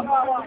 Ọ̀nà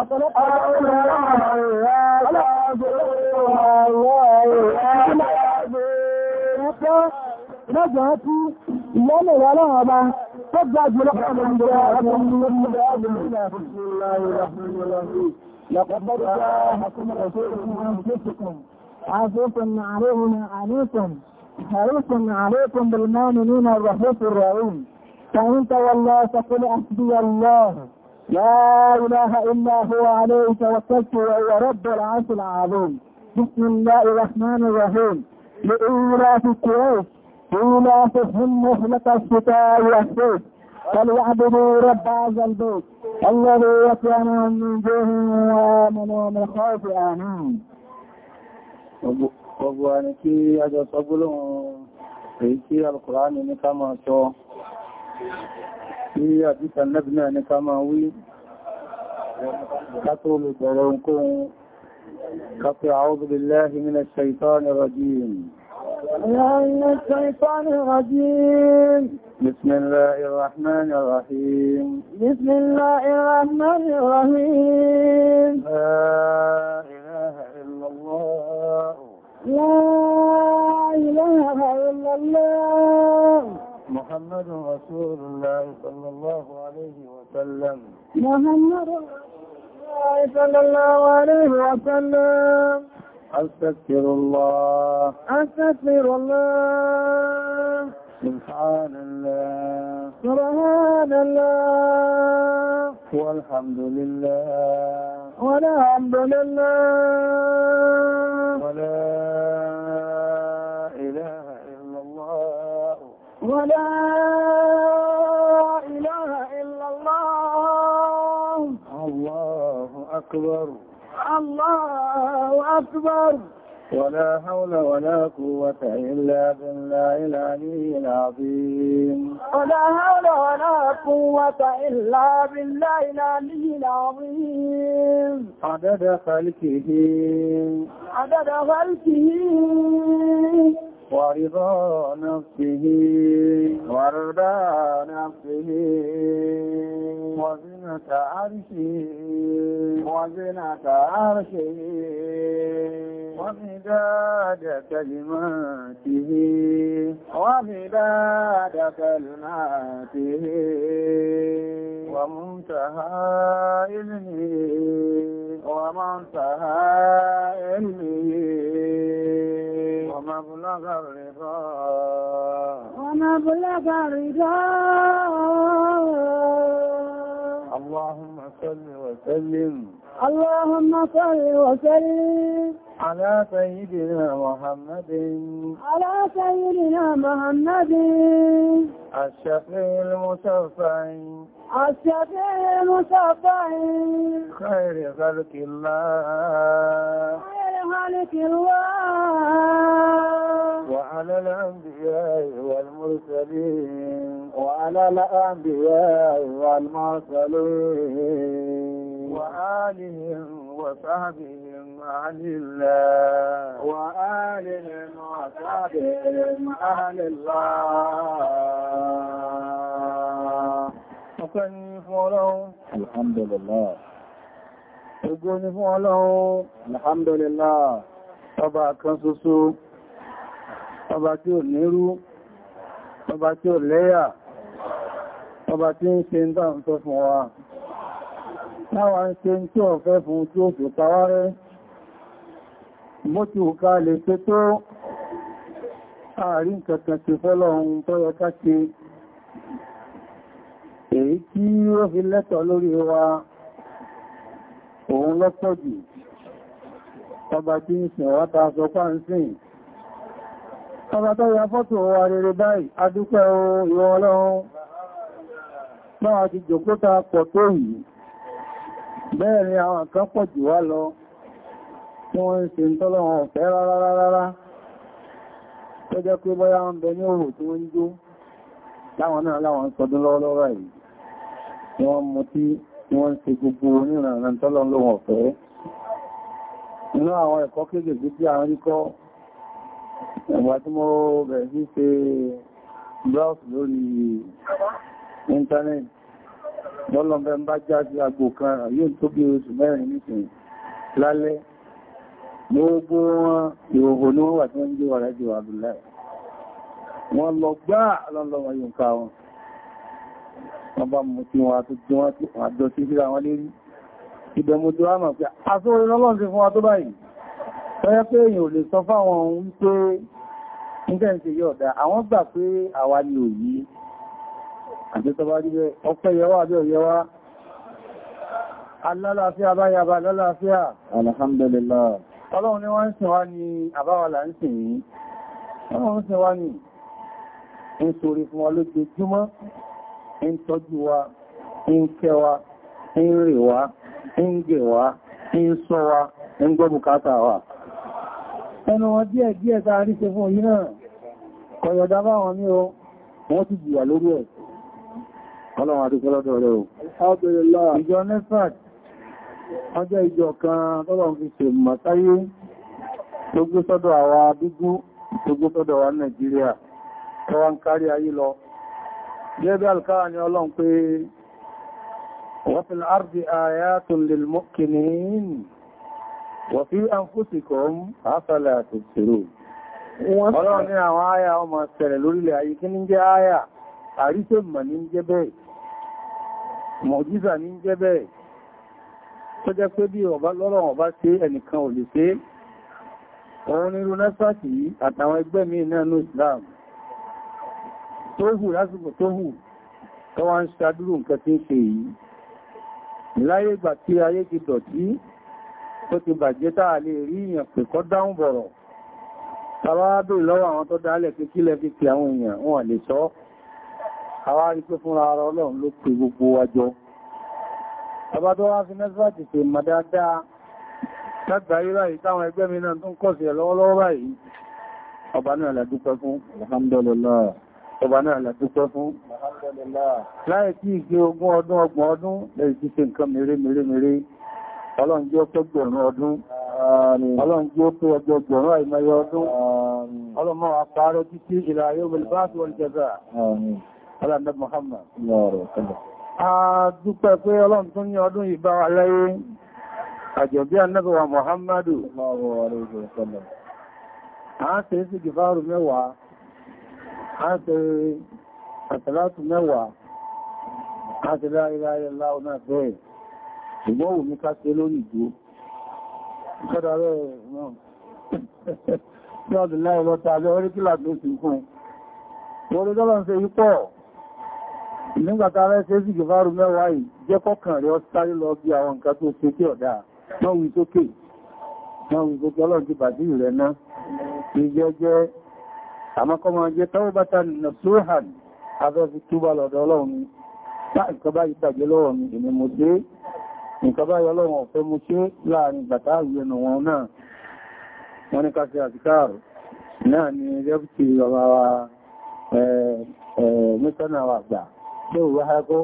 ọ̀pọ̀lọpọ̀ àwọn ọ̀rọ̀ ọ̀rọ̀ لقد جاءكم رسول من انفسكم عزيز عليه ما عليكم حريص عليكم بالمؤمنين الرحيم الرحيم فان تولوا فقل حسبي الله لا إله إلا هو عليه توكلت وهو رب العرش العظيم بسم الله الرحمن الرحيم لإيلاف قريش إيلافهم مهلة الشتاء والصيف فليعبدوا رب هذا البيت الذي يطعمهم من جوع وآمنوا من خوف آمين gbogbo ẹni tí ẹjọ́ sọ gbólóhùn èyí tí alukùránì ní ká máa sọ ní àdíta nẹ́bìnà ní ká máa wí kátó lè bẹ̀rẹ̀ ohunkóhun kátó a'udhu billahi minash shaitanir rajim بسم الله الرحمن الرحيم بسم الله الرحمن الرحيم لا إله إلا الله لا إله إلا الله محمد رسول الله صلى الله عليه وسلم محمد الله صلى الله عليه وسلم أستغفر الله أستغفر الله سبحان الله سبحان الله والحمد لله والحمد لله ولا ولا إله إلا الله الله أكبر الله أكبر ولا حول ولا قوة إلا بالله العلي العظيم ولا حول ولا قوة إلا بالله العلي العظيم عدد خلقه عدد خلقه ورضا نفسه ورضا نفسه وزنة عرشه وزنة عرشه ومداد كلماته ومداد كلماته ومنتهى علمه ومنتهى علمه ومبلغ الرضا ومبلغ الرضا اللهم صل وسلم اللهم صل وسلم على سيدنا محمد على سيدنا محمد الشفيع المصطفى الشفيع المصطفى خير خلق الله خير خلق الله وعلى الأنبياء والمرسلين وعلى الأنبياء والمرسلين وآلهم وصحبهم عن الله وآلهم وصحبهم عن الله Ọpẹ́ ni fún Ọlọ́run. Alhamdulillah. Ògo ni fún Alhamdulillah. Ọba kan ṣoṣo, ọba tí ò nírú, ọba tí ò lẹ́yà, ọba tí ń ṣe ń dáhùn tó fún wa táwa ń ṣe tí ó fẹ́ fún tí ó fi pàwá rẹ̀ bó ti òká lè pé tó ààrin kankan ti fẹ́lọ ohun tó yẹ ká ṣe èyí tí ó fi lẹ́tọ̀ lórí wa òun lọ́pọ̀ jù ọba tí ń sìn wá ta sọ pá ń sìn ọba tó yẹ fọ́tò wa rere báyìí adúpẹ́ ohun ìwọ̀n ọlọ́run náà ti jòkóta pọ̀ tó yìí bẹ́ẹ̀ àwọn kan pọ̀ jù wá lọ tí wọ́n ń ṣe tọ́lọ́wọ́n ọ̀fẹ́ rárá rárá tó jẹ́ pé bọ́yá ń bẹ ní òhùn tí wọ́n ń jó láwọn náà láwọn sọdún lọ́wọ́lọ́wọ́ yìí wọ́n mú tí wọ́n ń ṣe gbogbo oníran tọ́lọ́wọ́n lọ́lọ́mẹ́ ń bá já sí agbò kan yóò tó bí oṣù mẹ́rin nìkan lálẹ́ gbogbo wọn ìhòhò ní wọ́n wà tí wọ́n ń gbé wà rájò Abdullahi wọ́n lọ gbá lọ́lọ́wọ́ yóò ká wọn wọ́n bá mú kí wọ́n tó jọ wọ́n jọ sí síra wọn lérí ìbẹ̀mọ̀jọ àmà pé àsórí lọ́lọ́n sí fún wa tó báyìí tọ́yẹ́ pé èyàn ò lè sọ fáwọn ohun wípé nígbẹ̀ǹsẹ̀ yọ̀ọ̀dá àwọn gbà pé àwa ni òyìí àti tọba jíbẹ̀ ọpẹ́ yẹwà àbẹ́ òyẹwà alálàáfíà báyàbá alálàáfíà alhamdulillah ọlọ́run ni wọ́n ń sìn wá ní àbáwàlà ń sìn yìí ọlọ́run sìn wá ní ń sorí fún wa lójoojúmọ́ ń tọ́jú wa ń kẹ́ wa ń rè wa ń gẹ̀ wa ń sọ wa ń gbọ́ bùkátà ẹnu wọn díẹ̀ díẹ̀ tá a ṣe fún yìí náà kọ̀yọ̀dá báwọn ní o wọ́n ti jìyà lórí ẹ̀ Ọlọ́run àti ọlọ́dọ̀ rẹ̀ o. Ìjọ Nefat, ọjọ́ ìjọ kan tọ́lọ̀n fi ṣe mọ̀táyé tó gbé sọ́dọ̀ àwa dúgbú tó gbé sọ́dọ̀ wa Nàìjíríà tó wá ń kárí ayé lọ. Gẹ́gẹ́ alkára ni Ọlọ́run pé wa fil ardi ayatun lil muqinin wa fi anfusikum afala tubsirun. Ọlọ́run ní àwọn áyà ọmọ ṣẹlẹ̀ lórílẹ̀ ayé kí ní jẹ́ áyà, àríṣẹ́ mọ̀ ní jẹ́ bẹ́ẹ̀ mọ̀jísà ní jẹ́ bẹ́ẹ̀ tó jẹ́ pé bí lọ́rọ̀ ọba ṣe ẹnìkan ò lè ṣe òun ní rúnẹ́sàtì àtàwọn ẹgbẹ́ mi náà ní Islam tó hù lásìkò tó hù tó ń ṣàdúrù nǹkan tí ń ṣe yìí láyé ìgbà tí ayé ti dọ̀tí tó ti bàjẹ́ táà lè rí èèyàn pè kọ́ dáhùn bọ̀rọ̀ tàbá bèèrè lọ́wọ́ àwọn tó dálẹ̀ pé kílẹ̀ fi pè àwọn èèyàn wọn lè sọ àwọn arípé fúnra ara ọlọ́run ló pè gbogbo wájọ́ àbádọ́ wá fi mẹ́sàtì pè mọ̀ dáadáa lágbàáyé báyìí táwọn ẹgbẹ́ mi náà tó ń kọ̀sì ẹ̀ lọ́wọ́lọ́wọ́ báyìí ọba náà la fún alhamdulillah ọba náà la dúpẹ́ fún alhamdulillah láì tí ìgbé ogún ọdún ọgbọ̀n ọdún lẹ́yìn tí ṣe nǹkan mèrè mèrè mèrè ọlọ́run jẹ́ tó gbẹ̀rún ọdún ọlọ́run jẹ́ tó ọjọ́ gbẹ̀rún àìmọye Ọlọ́run Muhammad. A dúpẹ́ pé ọlọ́run tún ní ọdún yìí bá wa láyé, àjọ̀bí annabawa Muhammadu. A ń ṣe sí gìfàárù mẹ́wàá, a ń ṣe àtàlátù mẹ́wàá, a ti láìlá ilá ọ̀nà bẹ́ẹ̀. Ṣùgbọ́n wù mí ká ṣe lórí ìgbó. Kọ́dà rẹ̀ náà. Ṣọ́dù láìlọ́ta lọ́rí kí nígbàtà rẹ̀ ṣe sí gẹ̀fàrú mẹ́wàá yìí jẹ́ kọ́kàn rẹ̀ sáré lọ bí àwọn nǹkan tó ṣe tí ọ̀dá lọ́wìn sókè lọ́wìn sókè ọlọ́run ti bàdí rẹ̀ náà ní jẹ́jẹ́ àmọ́kọ́mọ́ jẹ́ tọ́wọ́bátà nà sóhàn afẹ́fi túbà lọ́dọ̀ ọlọ́run nǹkan báyìí bàjẹ́ lọ́wọ́ mi èmi mo ṣe nǹkan báyìí ọlọ́run ọ̀fẹ́ mo ṣe láàrin bàtà ìyẹnu wọn náà wọ́n ní ká ṣe àtikáàrù náà ni rẹ́pùtì ọ̀rọ̀ mẹ́tọ́nà àgbà pé òwú ahẹ́kọ́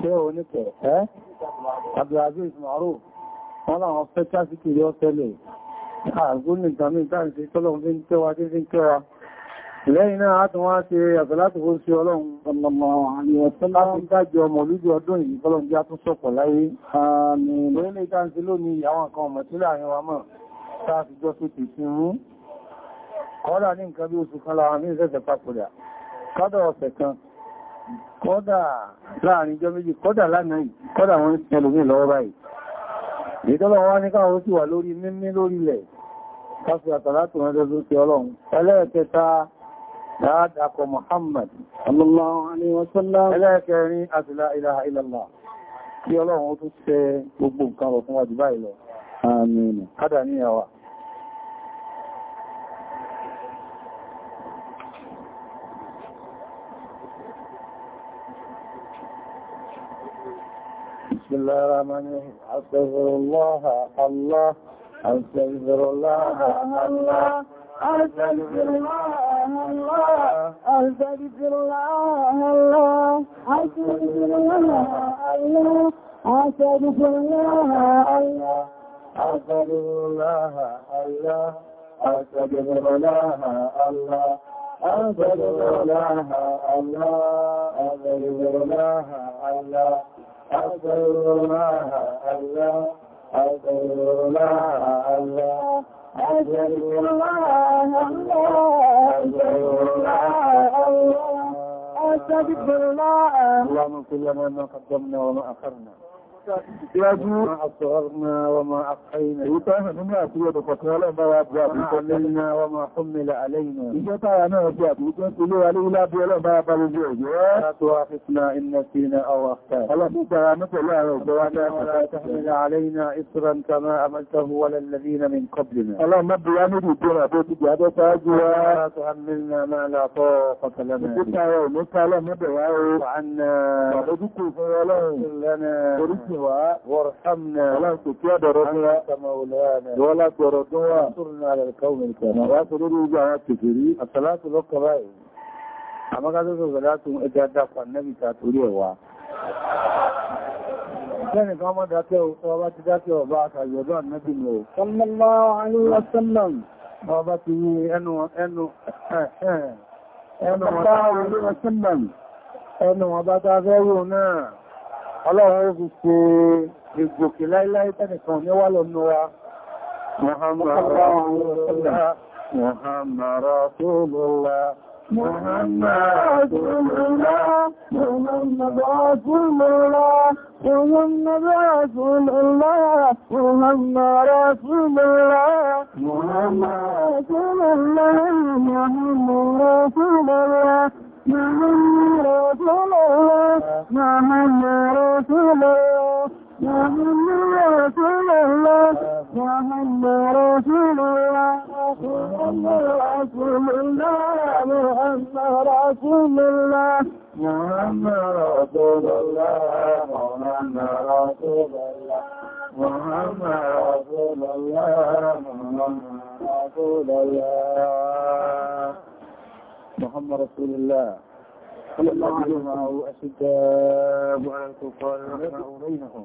pé òun ní kẹ̀ ẹ́ Abdulaziz Maruf wọ́n láwọn fẹ́ tásìkì yọ́ tẹ́lẹ̀ àgbóní ìtàmí ìtàǹsí tọ́lọ̀ fi ń tẹ́wa tí fi ń tẹ́wa lẹ́yìn náà a tún wá ṣe àtọ̀ láti fún sí ọlọ́run ọmọ àníwọ̀ tó láti dájọ ọmọ lójú ọdún yìí fọ́lọ́n jẹ́ tó sọ̀pọ̀ láyé àmì lórí ìtàǹsí lónìí àwọn kan ọmọ tí láàrin wa mọ̀ sáàfi jọ sí ti ti mú kọ́dà ní nǹkan bí oṣù kan lára ní ìṣẹ̀ṣẹ̀ papòdà kádọ̀ ọ̀sẹ̀ kan kọ́dà láàrin jọ méjì kọ́dà lánàá kọ́dà wọ́n ti ẹlòmí lọ́wọ́ báyìí ìtọ́lọ̀ wá ní káwọn sì wà lórí mímí lórí ilẹ̀ káfí àtàlátù ránṣẹ́ tó ti ọlọ́run ẹlẹ́ẹ̀kẹta dáadàkọ Muhammad sallallahu alaihi wasallam ẹlẹ́ẹ̀kẹrin àti la ilaha illallah kí ọlọ́run ó tún ṣe gbogbo nǹkan rọ̀ fún wa jù báyìí lọ àmín kádà níyàwó الله الرحمن الرحيم أستغفر الله الله أستغفر الله الله أستغفر الله الله أستغفر الله الله أستغفر الله الله أستغفر الله الله أستغفر الله الله أستغفر الله الله أستغفر الله الله أستغفر الله الله أكبر الله الله أكبر الله الله أكبر الله الله أكبر الله الله أكبر الله اللهم كل ما قدمنا وما أخرنا يجوز ما أصغرنا وما أقحينا يتعامل هنا أسياد فتوالة وما يبقى علينا وما حمل علينا يجوزها أنا أجاب يجوزها علي لا بيلا ما يبقى الجوج لا توافقنا إن نسينا أو أخطأ الله سبحانه وتعالى ولا تحمل علينا إصرا كما عملته ولا الذين من قبلنا الله ما بيانا دي جرى بيتي جادة تاجوا لا تحملنا ما لا طاقة لنا بيتنا يوم نسالة مبعاو وعنا وعدكم فيا لنا ẹ̀sìn wá wọ̀rọ̀hámnà aláàkùnkú ọ̀dọ̀rọ̀ fún wa wọ́n láti ọ̀rọ̀ tó wà sórùn alẹ́kọ̀ọ́mù ìkẹ̀mọ̀ wá sọ lórí ogun àwọn kèfèrí àtàlátù lọ́kọ̀ báyìí àmọ́gásọ́sọ̀ ìgbàlátù ẹja dápa nẹ́bì ta torí ẹ̀wà Ìjẹ́ni kan mọ́ dákẹ́ ò sọ bá ti dákẹ́ ọba àtàgbẹ̀dọ́ nẹ́bì ni ò. Sallallahu alaihi wasallam. Ọba ti ní ẹnu ẹnu ẹnu ọba àrùn lọ́wọ́ sílẹ̀. Ẹnu ọba ta ọlọ́run ó fi ṣe ìgbòkè láíláí tẹ́nìkan ní wà lọ́nà wa Muhammad Rasulullah Muhammad Rasulullah Muhammad Rasulullah Muhammad Rasulullah Muhammad Rasulullah Muhammad Rasulullah Muhammad Rasulullah محمد رسول الله محمد رسول الله محمد رسول الله محمد رسول الله محمد رسول الله محمد رسول الله محمد رسول الله محمد رسول الله محمد رسول الله محمد رسول الله محمد رسول الله صلى الله عليه معه أشداء على الكفار ورحمه بينهم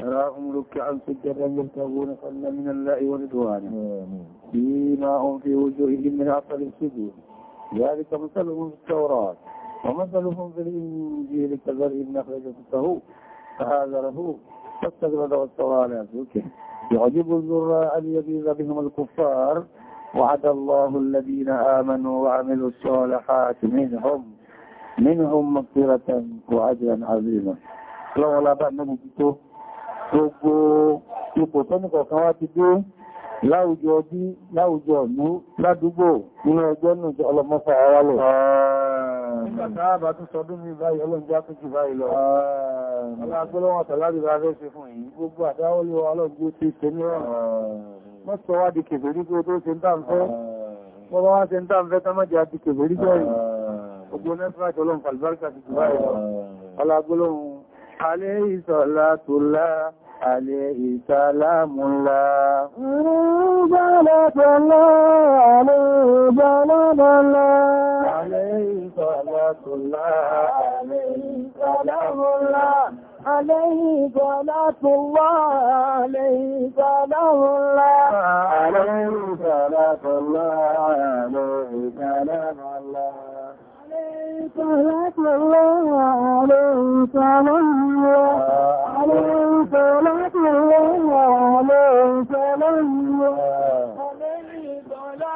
تراهم ركعا سجدا يبتغون صلى من الله ورضوانه هم في وجوههم من عقل السجود ذلك مثلهم في التوراة ومثلهم في الإنجيل إن أخرج شطه فهذا له واستوى على سوقه يعجب أن يبيض بهم الكفار وعد الله الذين آمنوا وعملوا الصالحات منهم منهم مغفرة وأجرا عظيما lọ́wọ́ lábá mẹ́bí tító gbogbo ipò tẹ́nìkọ̀ kan wá ti dé láwùjọ bí láwùjọ ọ̀nú ládúgbò nínú ẹgbẹ́ nù jẹ́ ọlọ́mọ́fà ara lọ Ìgbàtàbà tún sọdún ní báyìí ọlọ́njá tó jù báyìí lọ. Ọlá agbọ́lọ́wọ́ tàlábì bá fẹ́ ṣe fún yìí, gbogbo àdáwọ́lé ọlọ́gbó ti ṣe ní ọ̀rọ̀ mọ́ sọ wá di kèfèrí kí o tó ṣe ń tàn fẹ́ ah. bá wá ṣe ń tàn tán mọ́jà di kèfèrí jẹ́rì ah. ogun nẹ́fẹ́láṣọ́ lọ́n fàlbárkà ti jùlá ẹ̀rọ tó lá alẹ́ ìsàlámùlá alẹ́ عليه صلاة الله عليه صلاة الله عليه صلاة الله عليه صلاة الله عليه صلاة الله عليه صلاة الله عليه صلاة الله عليه صلاة الله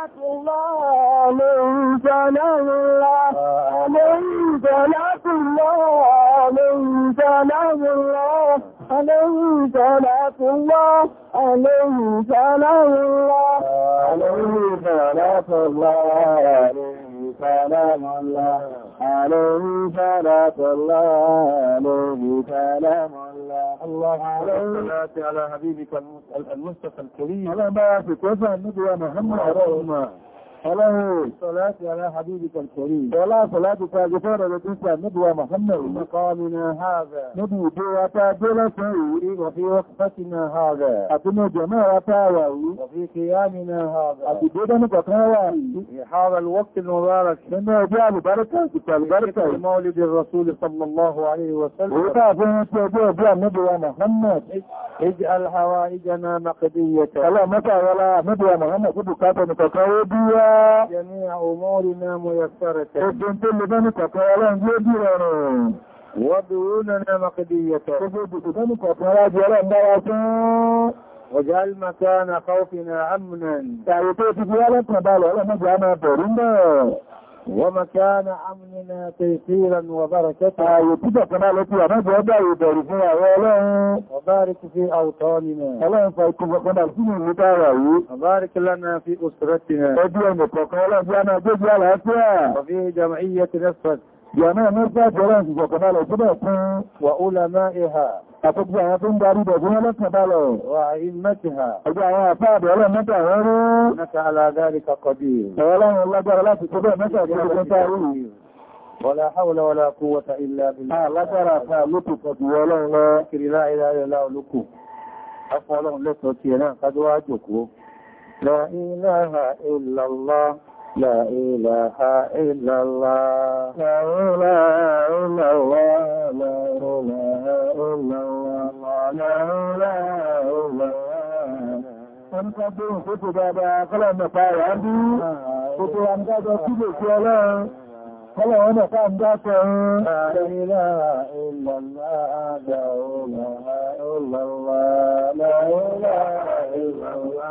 من سلام الله من سلام الله من سلام الله عليه صلاة الله عليه سلام الله عليه صلاة الله عليه سلام الله عليه فلا صلى عليه سلام الله الله عليه على حبيبك المصطفى الكريم على ما في كفى النبي محمد رحمه اللهم صلاة على حبيبك الكريم ولا صلاة تاجفور لديك ندوى محمد مقامنا هذا ندي دوة جلسي وفي وقفتنا هذا أتنا جماعة واوي وفي قيامنا هذا أتبدا نتقاوي في هذا الوقت المبارك إنه جاء بركة البركة مولد الرسول صلى الله عليه وسلم وتعفين التوجيه ندوى محمد اجعل حوائجنا مقدية متى ولا ندوى محمد كبكات نتقاوي بيها جميع أمورنا ميسرة كنت لبنك فيلا جدي ورون وديوننا مقدية كنت لبنك فيلا جلال مكان خوفنا أمنا تعيطيك فيلا تبالي ألا مجعنا برنبا ومكان أمننا تيسيرا وبركة يتبقى ما لكي أنا بوضع يداري فيها وله وبارك في أوطاننا الله فيكم وقنا الفين المتاوي وبارك لنا في أسرتنا وديا مطلقا الله جانا جزء الهاتيا وفي جمعية نصفت جانا نصفت ولن تبقى ما لكي وعلمائها àtọ́gbà àwọn tó ń darí bẹ̀gbẹ́ ọlọ́pàdálọ̀ wà ìmẹ́tìhà ọjọ́ àwọn àfáàdì ọlọ́mẹ́ta rọ́rọ́ mẹ́ta aláàdárí kakọ̀dì ọlọ́run lágbára láti tó bẹ́ẹ̀ mẹ́ta ah, tó gbọ́n táàrí ولا حول ولا قوة إلا بالله لا ترى فالوتو قدو ولو لا كري إلا الله لكو أفو لهم لتوتينا قدوا أجوكو لا إله إلا الله La la la لا إله إلا الله لا إله إلا الله لا إله إلا الله لا إله إلا الله Ọdún kòtò dáadáa kọ́lá mẹ́ta rẹ̀ ń bí kòtò àmdájọ́ sílè sí ọlọ́run, kọ́lá wọn mẹ́ta àmdájọ́ ń rẹ̀ ìlànà àdà òlàlá, ìlànà àdà òlàlá.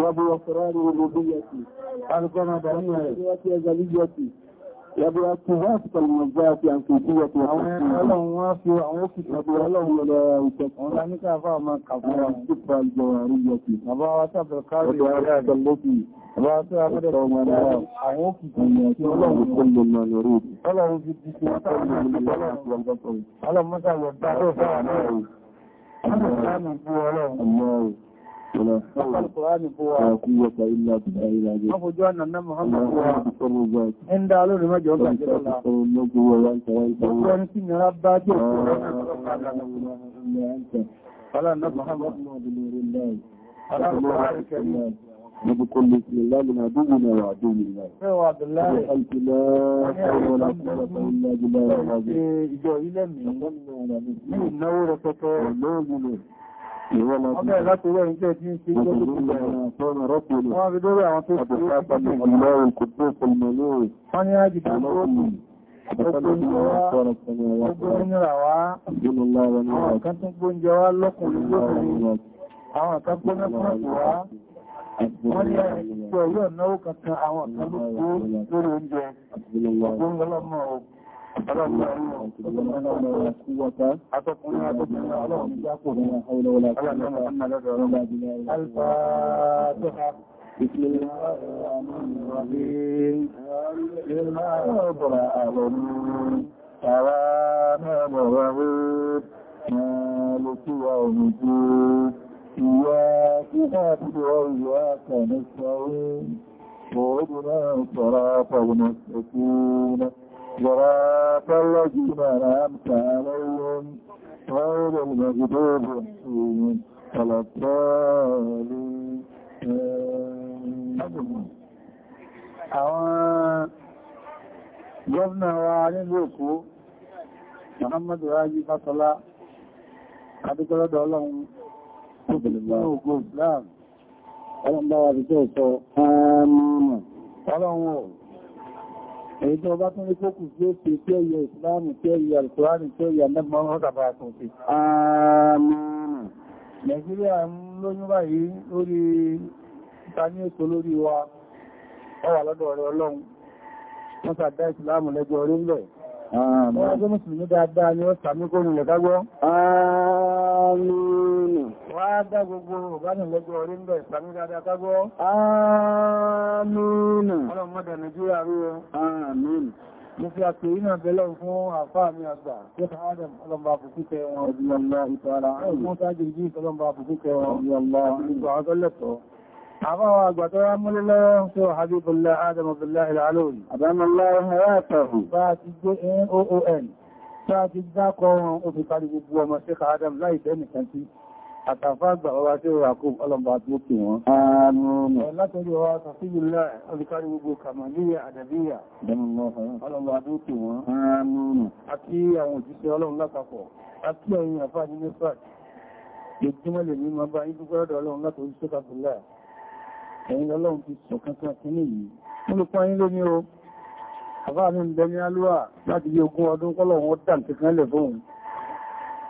وابو اسرار ربوبيتي ارجنا برميتي ازليتي يبو اتفاق المنزات عن كيفية اللهم وافي وعوفي يبو اللهم لا يتكفر عنك افا ما كفر الصفة الجوارية ابا واتف القاضي وعلاق التي ابا واتف القاضي عوفي اللهم كل ما نريد اللهم في الدكتور اللهم مسا يبتعه فعلا اللهم الله Àkúwọ́ta ilá ti bá ilá jẹ́. Wọ́n fojú ọ̀nà náà Muhammadu wa. Ẹn dá lórí mẹ́jọ ọgbà jẹ́ lọ́la. Gbogbo ẹni tí mìíràn bá jẹ́ òkú وبكل بسم الله من عدونا وعدو الله وقلت لا حول ولا قوة إلا بالله العظيم إجوا إلى من نورتك ونوزلك Ọbẹ̀ láti wẹ́ ìjẹ́ tí ń ṣe ìjọ́ tó ti bẹ̀rẹ̀ ọ̀tọ́rọ̀ rọ́pùlù. Wọ́n fi dórí àwọn tó ti rẹ̀ pàtàkì ìlọ́rùn kò tó pẹ̀lú lórí. Wọ́n ni ájì tó rọ́pùlù. Àwọn kan tó gbóúnjẹ wá lọ́kùnrin lóbìnrin. Àwọn kan gbóná fún ọ̀pọ̀ wá. Wọ́n ni ẹ̀ṣọ́ yóò náwó kankan àwọn kan ló kó lórí oúnjẹ. Ọgbọ́n lọ́mọ ọkùnrin. الفاتحة بسم الله الرحمن الرحيم لما أبرأ ظنون توانا مرهود مالك يوم الدين إياك نعبد وإياك نستعين اهدنا الصراط المستقيم صراط الذين أنعمت عليهم غير المغضوب عليهم ولا الضالين àwọn gómìnà wa nílùú Èkó Muhammadu Raji Fáṣọlá adúgbọ́lọ́dọ̀ ọlọ́run tó bèèrè ogun Islam ọlọ́run bá wà bí tó sọ ọmọ ọlọ́run èyí tó bá tún ní kókù tí ó ṣe tí ẹ̀yẹ ìsìláàmù tí ẹ̀yẹ alkùránì tí ẹ̀yẹ anẹ́gbọ́n ọ̀rọ̀ tàbà tó ṣe. nàìjíríà ń lóyún báyìí lórí ìtaní ètò lórí wa ọwà lọ́dọ̀ ọ̀rẹ́ ọlọ́run wọ́n sàdá ìsìláàmù lẹ́jọ́ orí ń bẹ̀. wọ́n rẹ̀ wá dá gbogbo ìbánilẹ́gbẹ̀ orí ń bẹ̀ ìsàmì dáadáa kágbọ́. Àmín. Ọlọ́mọdé Nàìjíríà rí o. Àmín. Mo fi àpè iná bẹ̀lọ́ fún àfáà mi àgbà, Jẹ́ta Adam, ọlọ́mbà àbùkúkẹ wọn, ọdúnlọ́mbà ìtara, ọdún tájì jí ìtọ́lọ́mbà àbùkúkẹ wọn, ọdúnlọ́mbà àbùkúkẹ wọn, ọdúnlọ́tọ̀. عبوا قدر من الله سوى حبيب الله آدم عبد الله العلوي أدام الله حياته فاتج إن أو أو إن فاتج ذاك وفي قلب أبو مسيح آدم لا يدني àtàfàgbà ọba tí ó rà kó ọlọ́ba tó kì wọ́n. látọ̀rí ọwá tàfíjìlá ọdíkárí gbogbo kàmàlíyà àdàbíyà ọlọ́ba tó kì wọ́n. àti àwọn òjíṣẹ́ ọlọ́run lápapọ̀ àti ẹ̀yìn àfáà ní nípa ìjúmọ́lẹ̀ ní ma bá ìdúgbọ́rọ̀dọ̀ ọlọ́run látọ̀ orí sókàtùlá ẹ̀yìn ọlọ́run ti sọ̀kankan sí ní yìí wọ́n lè pọ́n ilé ní o àfáà ní ìbẹ̀mí alúwà láti bí ogún ọdún kọ́lọ̀ wọn dà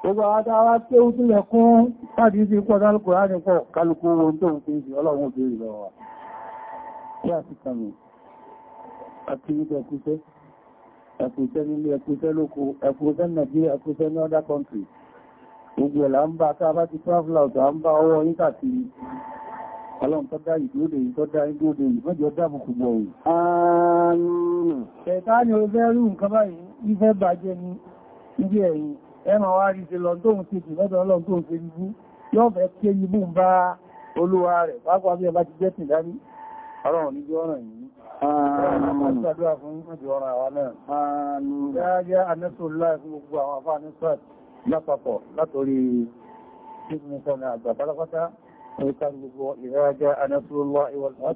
Gbogbo àwọn tàwà tí ó túnlẹ̀ kún láti ìsì pọ̀ dálùkù láti pọ̀ kálùkù ohun tó ń fi ìsì ọlọ́run òjò ìlọ wà. Kí a sì kàmì àti ìjọ ẹkùsẹ́, ẹkùsẹ́ nílé ẹkùsẹ́ lóko, ẹkùsẹ́ Nàìjíríà, ẹkùsẹ́ ní other country. Gbogbo ẹ̀là ń bá tàà bá ti travel out, à ń bá ọwọ́ yí kàkiri. Ọlọ́run tó dá ìdúródè yìí tó dá ìdúródè yìí, mọ́jọ dábùkù gbọ̀ yìí. Ààrùn. Ṣẹ̀tá ni ó fẹ́ rú nǹkan báyìí, ìfẹ́ bàjẹ́ ni, ibi ẹ̀yìn ẹmà wá rí ti lọ tóhun ti kì lọ́dọ̀ ọlọ́run tóhun ti rú yóò fẹ́ kí ẹni bú bá olúwa rẹ̀ pápá bí ọba ti jẹ́ tì dárí ọlọ́run ní jọ́rọ̀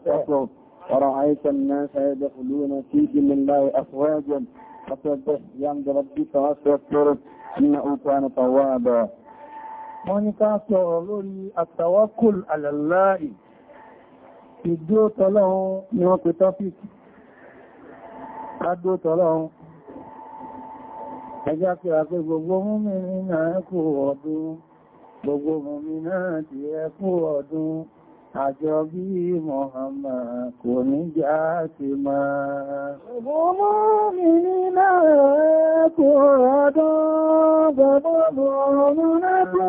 yìí ورأيت الناس يدخلون في دين الله أفواجا فسبح بحمد ربك واستغفره إنه كان توابا wọ́n ní ká sọ̀rọ̀ lórí àtàwákùl alàláì ìdúró tọ́lọ́run ni wọ́n pè tọ́fíìkì kádúró tọ́lọ́run ẹjá pé Àjọbí Muhammad kò ní já ti máa. Ọmọ mi ní náà kò rọ̀dán, bàbá bọ̀ ọmọ náà kò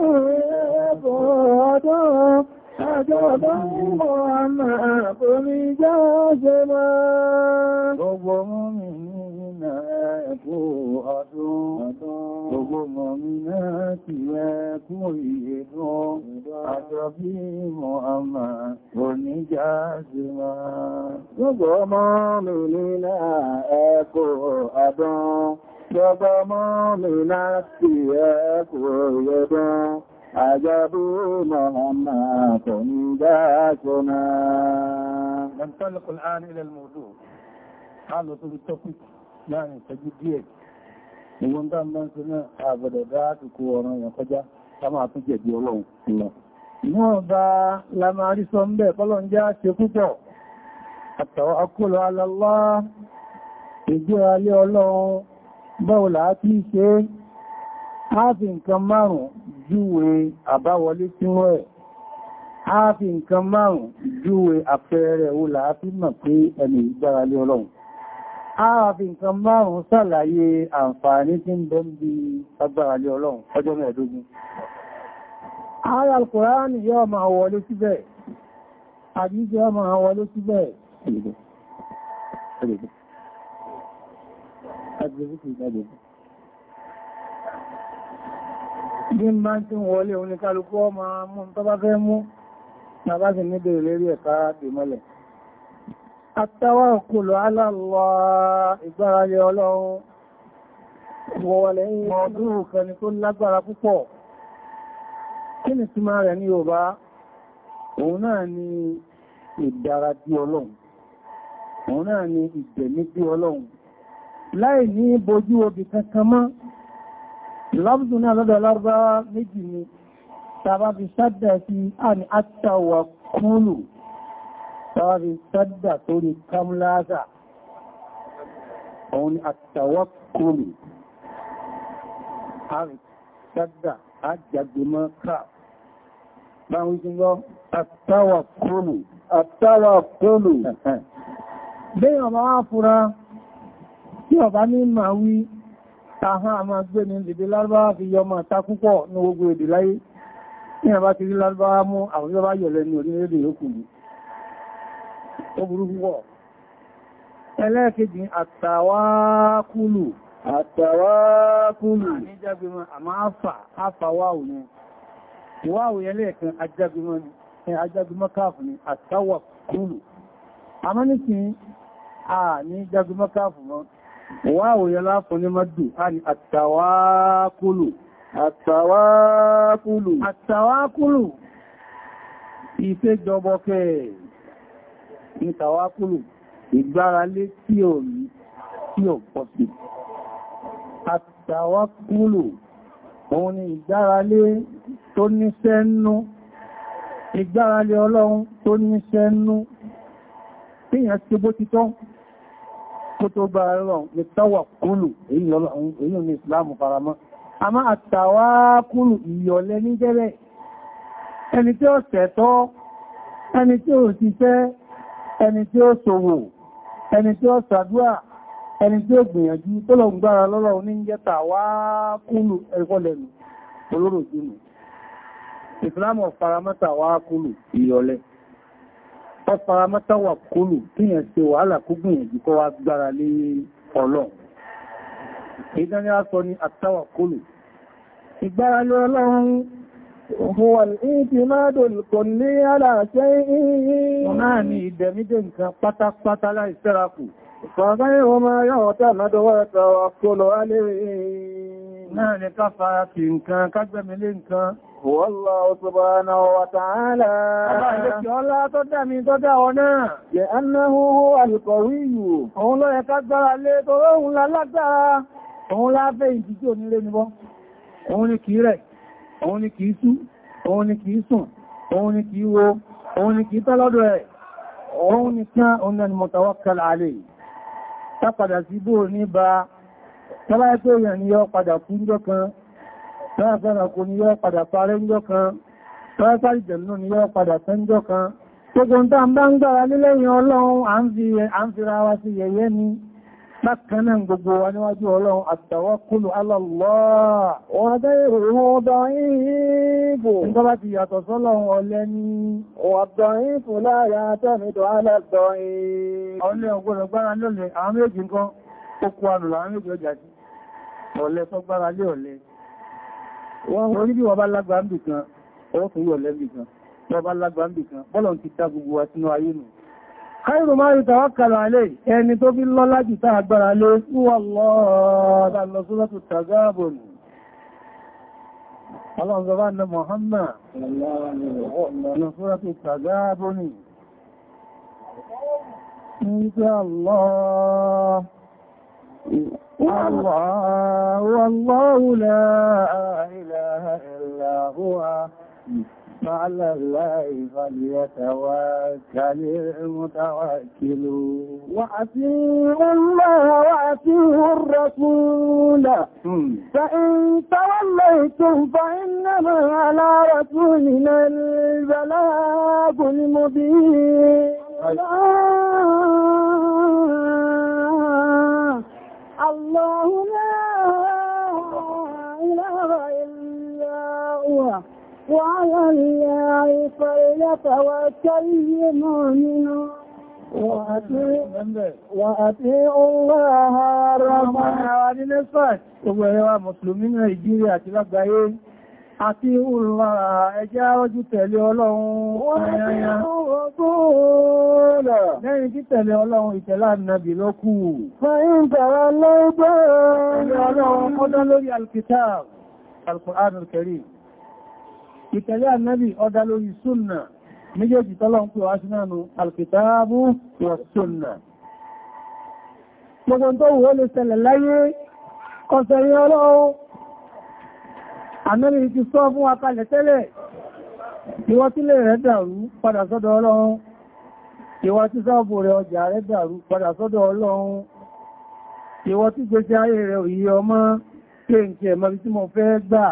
rọ̀dán. Àjọbí Muhammad kò ní já ti máa ẹ̀kú ọdún gbogbo mọ̀mí náà ti ẹ̀kú iye fún àjọbí mọ̀ọ́mà oníjà sí máa gbogbo mọ̀mí náà ẹ̀kú ọdún gbogbo mọ̀mí náà ti ẹ̀kú iye fún àjọbí mọ̀ọ́mà oníjà sí máa ننطلق láàrin ìtẹ́jú díẹ̀ ìwọ̀n dá mọ́ sí náà àbọ̀dọ̀ dá àtìkò ọ̀ràn èèyàn kọjá ká máa tún jẹ̀bi ọlọ́run lọ níwọ̀n bá lamárí sọ ń bẹ̀ kọ́lọ̀ ń já ṣe púpọ̀ àtàwọn akólọ alọ́lá ìgbéra lé ọlọ́run báwo làá tí í ṣe márùn-ún júwe àpẹẹrẹ wo làá fi mọ̀ pé ẹni ìgbára lé ọlọ́run ààfin nǹkan márùn-ún sàlàyé àǹfààní tí ń bẹ ń bí agbára lé ọlọ́run ọjọ́ mẹ́ẹ̀dógún. ara alkùránì yóò máa wọlé síbẹ̀ àdíjẹ́ yóò máa wọlé síbẹ̀ bí n máa tí wọlé oníkálukú ọmọ mú tọ́bá fẹ́ mú tàbá sì níbẹ̀ lérí ẹ̀ká dèmọ́lẹ̀ التوكل على الله إبرا لله وولئي موضوعك لكل أبرا púpọ̀ kí ni túmọ̀ rẹ̀ ní Yorùbá òun náà ni ìdára bí ọlọ́run òun náà ni ìgbẹ̀mí bí ọlọ́run láì ní bojú obì kankan mọ́ lábùsùn náà lọ́dọ̀ lárúbáwá méjì ni tàbá sádẹ̀ sí àni àtàwà kúlù sáré sádà torí kamláza òun ni àtàwọ́kùnrin àrí sádà àjàgbìmọ́ ká báwọn jí lọ àtàwọ́kùnrin àtàwọ́kùnrin bẹ́yàn máa fúra tí ọba ní màá wí ahán àmà gbé ní ìdè lárúbáwá fi yọ máa ta púpọ̀ ní gbogbo èdè láyé ní àbá ti rí lárúbáwá mú àwọn ìjọba yọ̀lẹ́ni orílẹ̀-èdè yókù yìí ó burú púpọ̀ ẹlẹ́ẹ̀kejì àtàwákúlù àtàwákúlù àníjágbémọ́ àmá àfà àfà wáwù ní wáwù yẹ lẹ́ẹ̀kan ajágbémọ́ káàfù ní àtàwákúlù àmá ní kí a ní jágbémọ́ káàfù mọ́ wáwù yẹ láàfún ní mọ́dù a ní àtàwákúlù àtàwákúlù àtàwákúlù ìfẹ́jọbọ̀kẹ́ẹ̀ ní tàwákùlù ìgbáralé tí ò rí tí ò pọ̀sí àtàwákùlù òun ni ìgbáralé tó níṣẹ́ nú ìgbáralé ọlọ́run tó níṣẹ́ nú tíyàn tí bó ti tán kó tó bá ọlọ́run ní tàwákùlù èyí ní Islam faramọ́ àmá àtàwákùlù ìyọ̀lẹ́ ní jẹ́rẹ̀ ẹni tí ó ṣòwò ẹni tí ó ṣàdúrà ẹni tí ó gbìyànjú tó lọ gbára lọ́rọ̀ oníjẹta wá kúlù ẹ̀kọ́lẹ̀nù olóró jùlọ ìsìlámù ọ̀faramọ́ta wá kúlù ìyọlẹ̀ wà kúlù kíyàn wàhálà gbìyànjú wá gbára lé هو الاعتماد الكلي على شيء ومعني الدمج كان قطع قطع لا فغير ما يعتمد عليه náà ni ká fara kì nǹkan kágbẹ̀mí lé nǹkan. Wallahu subhanahu wa ta'ala. Àbá ìjẹ́kì tó dámi tó dá ọ náà. Yẹ annahu òun ni kìí sú òun ni kìí sùn òun ni kìí wo òun ni kìí tọ́lọ́dọ̀ ẹ̀ òun ni kán òun ni mutawakkal alayhi tápadà sí bó ní ba tọ́láyẹ́pẹ́ èèyàn ni yọ padà kú níjọ́ kan tọ́láyẹ́pẹ́ kò ní yọ padà parẹ́ níjọ́ kan tọ́láyẹ́pẹ́ ìjẹ̀lú ni yọ padà tẹ́ níjọ́ kan Bákanáà gbogbo wa níwájú Ọlọ́run àtàwákùlù alàlọ́à. Wàdá ìrùwọ́dá ìbò. Nígbà bá ti yàtọ̀ sọ́lọ́run ọlẹ́ ní. Wàdá ìfò láàrin àtẹ́mìdọ̀ alàdọ̀ ìbò. Ọlẹ́ ọgbọ́rọ̀ gbára lọ́lẹ̀ àwọn méjì ń kọ́ okú ànùlà àwọn méjì ọjà sí. Ọlẹ́ tó gbára lé ọlẹ́. Wọ́n rí bí wọ́n bá lágbàá kan, ọwọ́ fún yí ọlẹ́ kan. Wọ́n bá lágbàá kan, bọ́lọ̀ ti ta gbogbo wa sínú ayé nù káìrò máa rí tàwákàlà alẹ́ ẹni tó fi lọ́lá jù tá agbára lé fúwọ́lọ́ Insha Allah Allah wallahu la ilaha illa huwa فعلى الله فليتوكل المتوكلون وأطيعوا الله وأطيعوا الرسول فإن توليتم فإنما على رسولنا البلاغ المبين الله لا وعلى الله فليتوكل المؤمنون وأطيعوا الله ربنا Gbogbo ẹwà Mùsùlùmí Nàìjíríà àti lágbàáyé àti òlà ẹjá ojú tẹ̀lé Ọlọ́run ayáyá. Lẹ́yìn tí tẹ̀lé Ọlọ́run ìtẹ̀lá nàbì ló kù. Fẹ́yìn tẹ̀lé lọ́gbẹ̀ẹ́ ìtẹ̀lé ànábì ọdá lórí súnnà méjèèjì tọ́lọ́ ń pè wá sí náà nù alkìtàbù wà súnnà gbogbo tó wù ó lè ṣẹlẹ̀ láyé kọsẹ̀rin ọlọ́wọ́ ànábì ti sọ fún akalẹ̀ tẹ́lẹ̀ ìwọ tí lè rẹ̀ dàrú padà ọlọ́run ìwọ tí sọ́ọ̀bù rẹ̀ ọjà fẹ́ gbà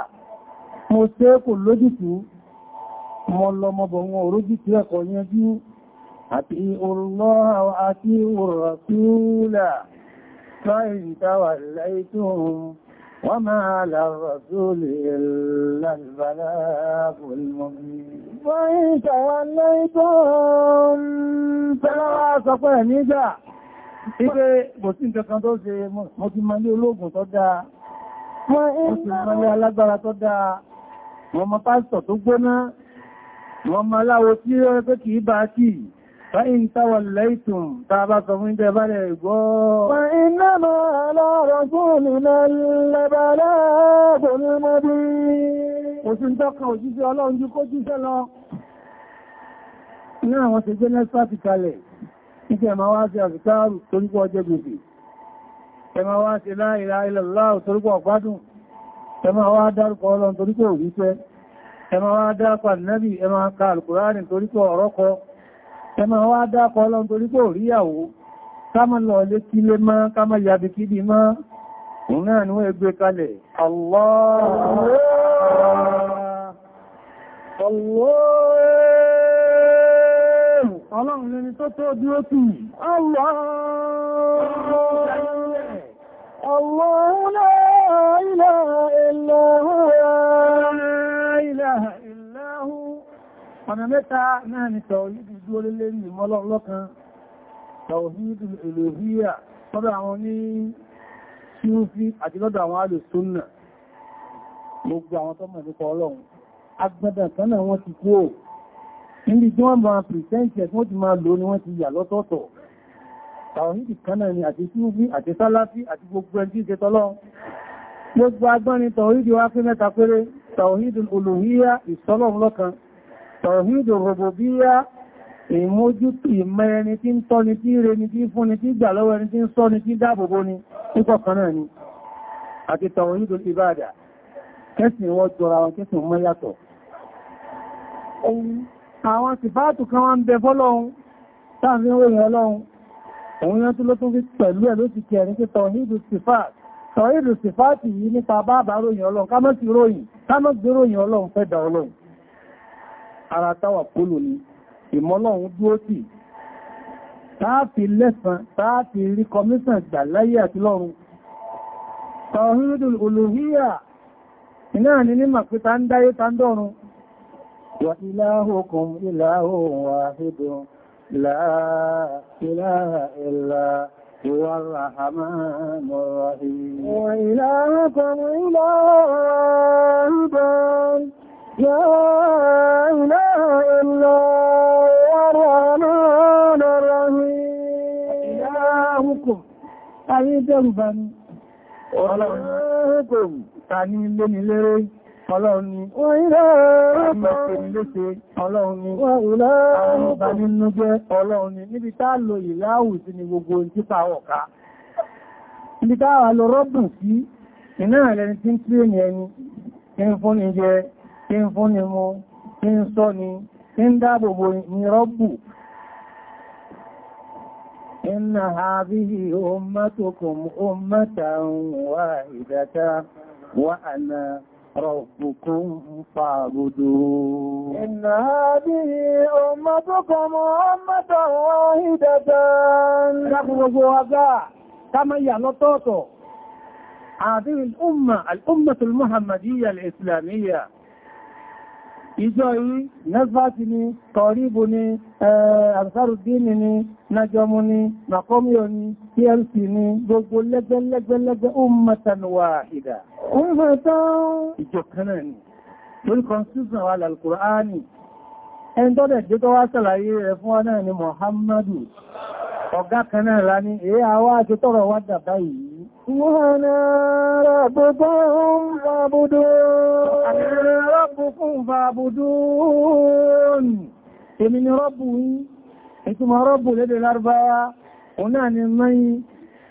mo ṣe kò lójútú mo lọ mọ́bọ̀ wọn orójútú ẹ̀kọ́ yanjú àti Allah àti Rasula fáìntàwà láìtún wọ́n máa lọ́rọ̀ tó lè lálbàlá olùmọ̀mí. fáìntàwà láìtún tẹ́lọ́wà sọ pé nígbà ipé kò sí nǹkan tó ṣe mọ́ ti máa ní ológun wọ́n mọ pásítọ̀ tó gbóná wọ́n mọ aláwo tí ó rẹ́ pé kìí bá kí fa'in tawallaytum ta bá sọ fún ìdẹ bá rẹ̀ gbọ́ wa innama ala rasulina al-balagul mubin òsìn tọ́ka òjíṣẹ́ ọlọ́run jú kó jíṣẹ́ lọ ní àwọn ṣe gbé nẹ́sàtì kalẹ̀ ìkẹ́ ẹ̀mà wá sí àfikárù torípọ̀ ọjẹ́ gbèsè ẹ̀mà sí la torípọ̀ ọ̀gbádùn ẹ máa wá dárúkọ ọlọ́run torí pé òwúfẹ́ ẹ máa wá dárúkọ ànábì ẹ máa ka alkùránì torí pé ọ̀rọ́kọ ẹ máa wá dárúkọ ọlọ́run torí pé òríyàwó kámọ́ lọ lé kí mọ́ kámọ́ yabi kí mọ́ Allah Allah Allah إله إلا هو لا إله إلا هو ọ̀nà mẹ́ta náà ni tàwídì dúró lérí ìmọ́lọ́lọ́kan tàwídì ìlòhíyà lọ́dọ̀ àwọn ní ṣúfí àti lọ́dọ̀ àwọn alùsùnnà gbogbo àwọn tọ́mọ̀ nípa ọlọ́run agbẹ́dàn kan náà wọ́n ti kú ò níbi tí wọ́n máa pìrìsẹ́ntì ẹ̀ tí wọ́n ti máa lò ní wọ́n ti yà lọ́tọ̀ọ̀tọ̀ tàwídì kan náà ni àti ṣúfí àti sálàfí àti gbogbo ẹni tí ìṣẹ́tọ́lọ́run gbogbo agbọ́ni tọ̀hídì wá fí mẹ́ta péré tọ̀hídì olùhíyá ìsọ́lọ̀m lọ́kan tọ̀hídì rọ̀bọ̀bíyá ìmójútó ìmẹ́ni tí ń tọ́ni tí rẹni tí fúnni tí gbà lọ́wọ́ ẹni tí ń sọ́ni tí dáàbòbò ni púpọ̀ kan náà ni àti tọ̀hídì ìbádà kẹsìn wọ́n jọra wọn kẹsìn sọ̀rọ̀lù sífàtì yìí nípa bábà ròyìn ọlọ́run ká mọ́ sí ròyìn ká mọ́ gbé ròyìn ọlọ́run fẹ́ dà ọlọ́run ara táwà kólò ní ìmọ́lọ́run dúró tì táàfi lẹ́sàn táàfi rí kọmíṣàn gbà láyé àti lọ́run tawhidul uluhiyya iná ní ní màpítà ń dáyé ta wahidun la ilaha illa هو الرحمن الرحيم وإلهكم إله بان لا إله إلا هو الرحمن الرحيم إلهكم أي جنبا ولكم تعني لني لري Ọlọ́run ni, wọ́n ilé ọlọ́run ni, wọ́n ilé àwọn ọba nínú jẹ́ ọlọ́run ni, níbi tá lo ìláhù sí ni gbogbo ohun típa ọ̀ká. Níbi tá wà lọ rọ́bùn sí, iná ẹ̀lẹ́ni tí ń tí ènì ẹni, tí ń fún ni jẹ, tí ń fún ni mu, tí ń sọ ni, tí ń dáàbòbò ni rọ́bù. إن هذه أمتكم أمة واحدة وأنا ربكم فاعبدوه إن هذه أمتكم أمة واحدة نحن زهزاء كما يلطوتو هذه الأمة الأمة المحمدية الإسلامية إجاي نزفاتني طريبني أرسال آه، الدينني نجمني نقوميوني تيالسيني جلقوا لجا لجا لجا أمة واحدة Ọ̀gá kan náà lá ní èé àwọ́ àti tọ́rọ wádà báyìí. Wọ́n rọ̀bùkún fàbùdún. Rọ̀bùkún fàbùdún. Èmi ni rọ̀bù yìí, ìtumọ̀ rọ̀bù lédè lárúbáwá, òun náà ni mẹ́yìn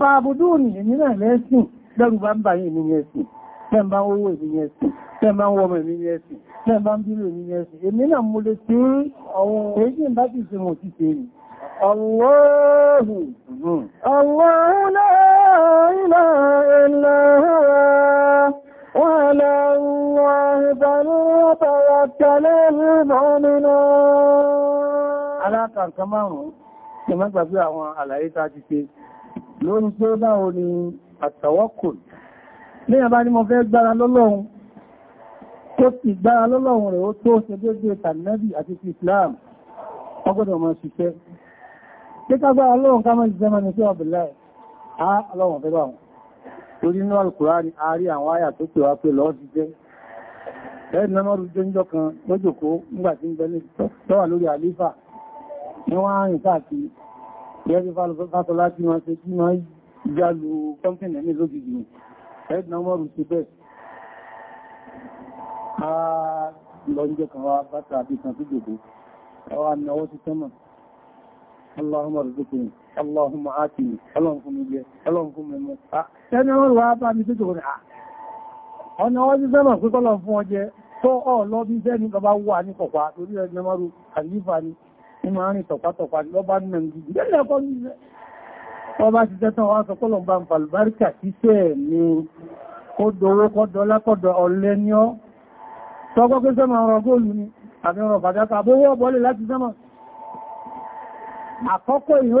fàbùdó ní náà lẹ́sìn lẹ́rù ń bà ní ẹ̀sìn tẹ́mbá owó èmi ẹ̀sìn tẹ́mbá wọmọ èmi ẹ̀sìn tẹ́mbá bílò èmi ẹ̀sìn èmi náà mo lè tí èyí bá ti ṣe mọ̀ sí tèmi márùn-ún, ìmọ́gbàgbé àwọn àlàyé tá ti lórí pé báwo ni àtàwọ́kùn léyàn bá ní mo fẹ́ gbára lọ́lọ́run tó ti gbára lọ́lọ́run rẹ̀ ó tó ṣe déédéé tànẹ́bì àti ti Islam ọgbọ́dọ̀ mọ̀ ṣiṣẹ́ pé ká gbára lọ́run ká mọ́ ṣiṣẹ́ mọ́ni sí ọ̀bẹ̀lẹ̀ á lọ́wọ̀n fẹ́ bá wọn torí a rí àwọn àyà tó pè wá pé lọ́ ṣiṣẹ́ ẹ̀ẹ́dì náà mọ́rú jẹ́jọ́ kan lójòkó nígbà tí ń bẹ ní tọ́wà lórí àlífà ni wọ́n yẹ́bí fásọ láti máa ṣe kí máa jálù kọ́mpìnì ní lójìdì ẹ̀dùn ọmọrù sí bẹ́ẹ̀ a lọ́njẹ́ kan wá bátà àti kan tó jòkó ẹwà náwó ti tẹ́mà Allahumma rizukuni, Allahumma atini, Ọlọ́run fún mi jẹ, Ọlọ́run fún mi mú. Ah, Ẹni ọlọ́run Ọ̀nà ọwọ́ ti sẹ́mà ah, pé fún ọjẹ́ tó ọ̀ lọ bí sẹ́ni bàbá wà ní kọ̀pá torí ẹgbẹ̀mọ́rú àlífà ni ní máa rìn tọ̀pátọ̀pá lọ́bá nínú gidi lẹ́lẹ́ ọkọ́ ní ilẹ̀ ọba ti tẹ́tàn wá sọ kọ́lọ̀ bá ń fa àlùbáríkà títẹ́ ní kó dọwọ́ kọ́ dọlá kọ́dọ̀ ọ̀lẹ́ ní ọ́ tọ́gbọ́ pé sẹ́mà ọ̀rọ̀ góòlù ni àbí ọ̀rọ̀ bàjáta àbówó ọ̀bọ̀lẹ̀ láti sẹ́mà àkọ́kọ́ ìhó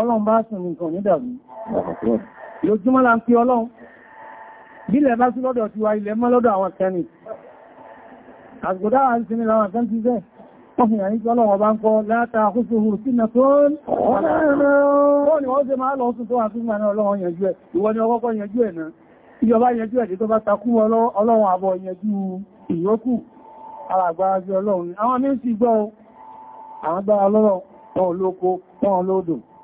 Ọlọ́run bá sùn nìkan ní dàbí. Lójúmọ́ la ń fi Ọlọ́run. Bílẹ̀ bá sí lọ́dọ̀ tiwa ilẹ̀ mọ́ lọ́dọ̀ àwọn kẹni. Àgbòdá wa ń sinmi láwọn kan ti bẹ́. Wọ́n fi hàn ní Ọlọ́run ọba ń kọ́ látà àkóṣòhùn sí na tó ń wọ́n ni wọ́n ṣe máa lọ sùn tó wà fún ìmọ̀ náà Ọlọ́run yanjú ẹ̀. Ìwọ ni ọkọ́kọ́ yanjú ẹ̀ náà. Ìjọba yanjú ẹ̀ tó bá takú Ọlọ́run àbọ̀ yanjú ìyókù alàgbára sí Ọlọ́run. Àwọn mí ń sì gbọ́ àwọn gbára lọ́rọ̀ wọn lóko wọn lódò.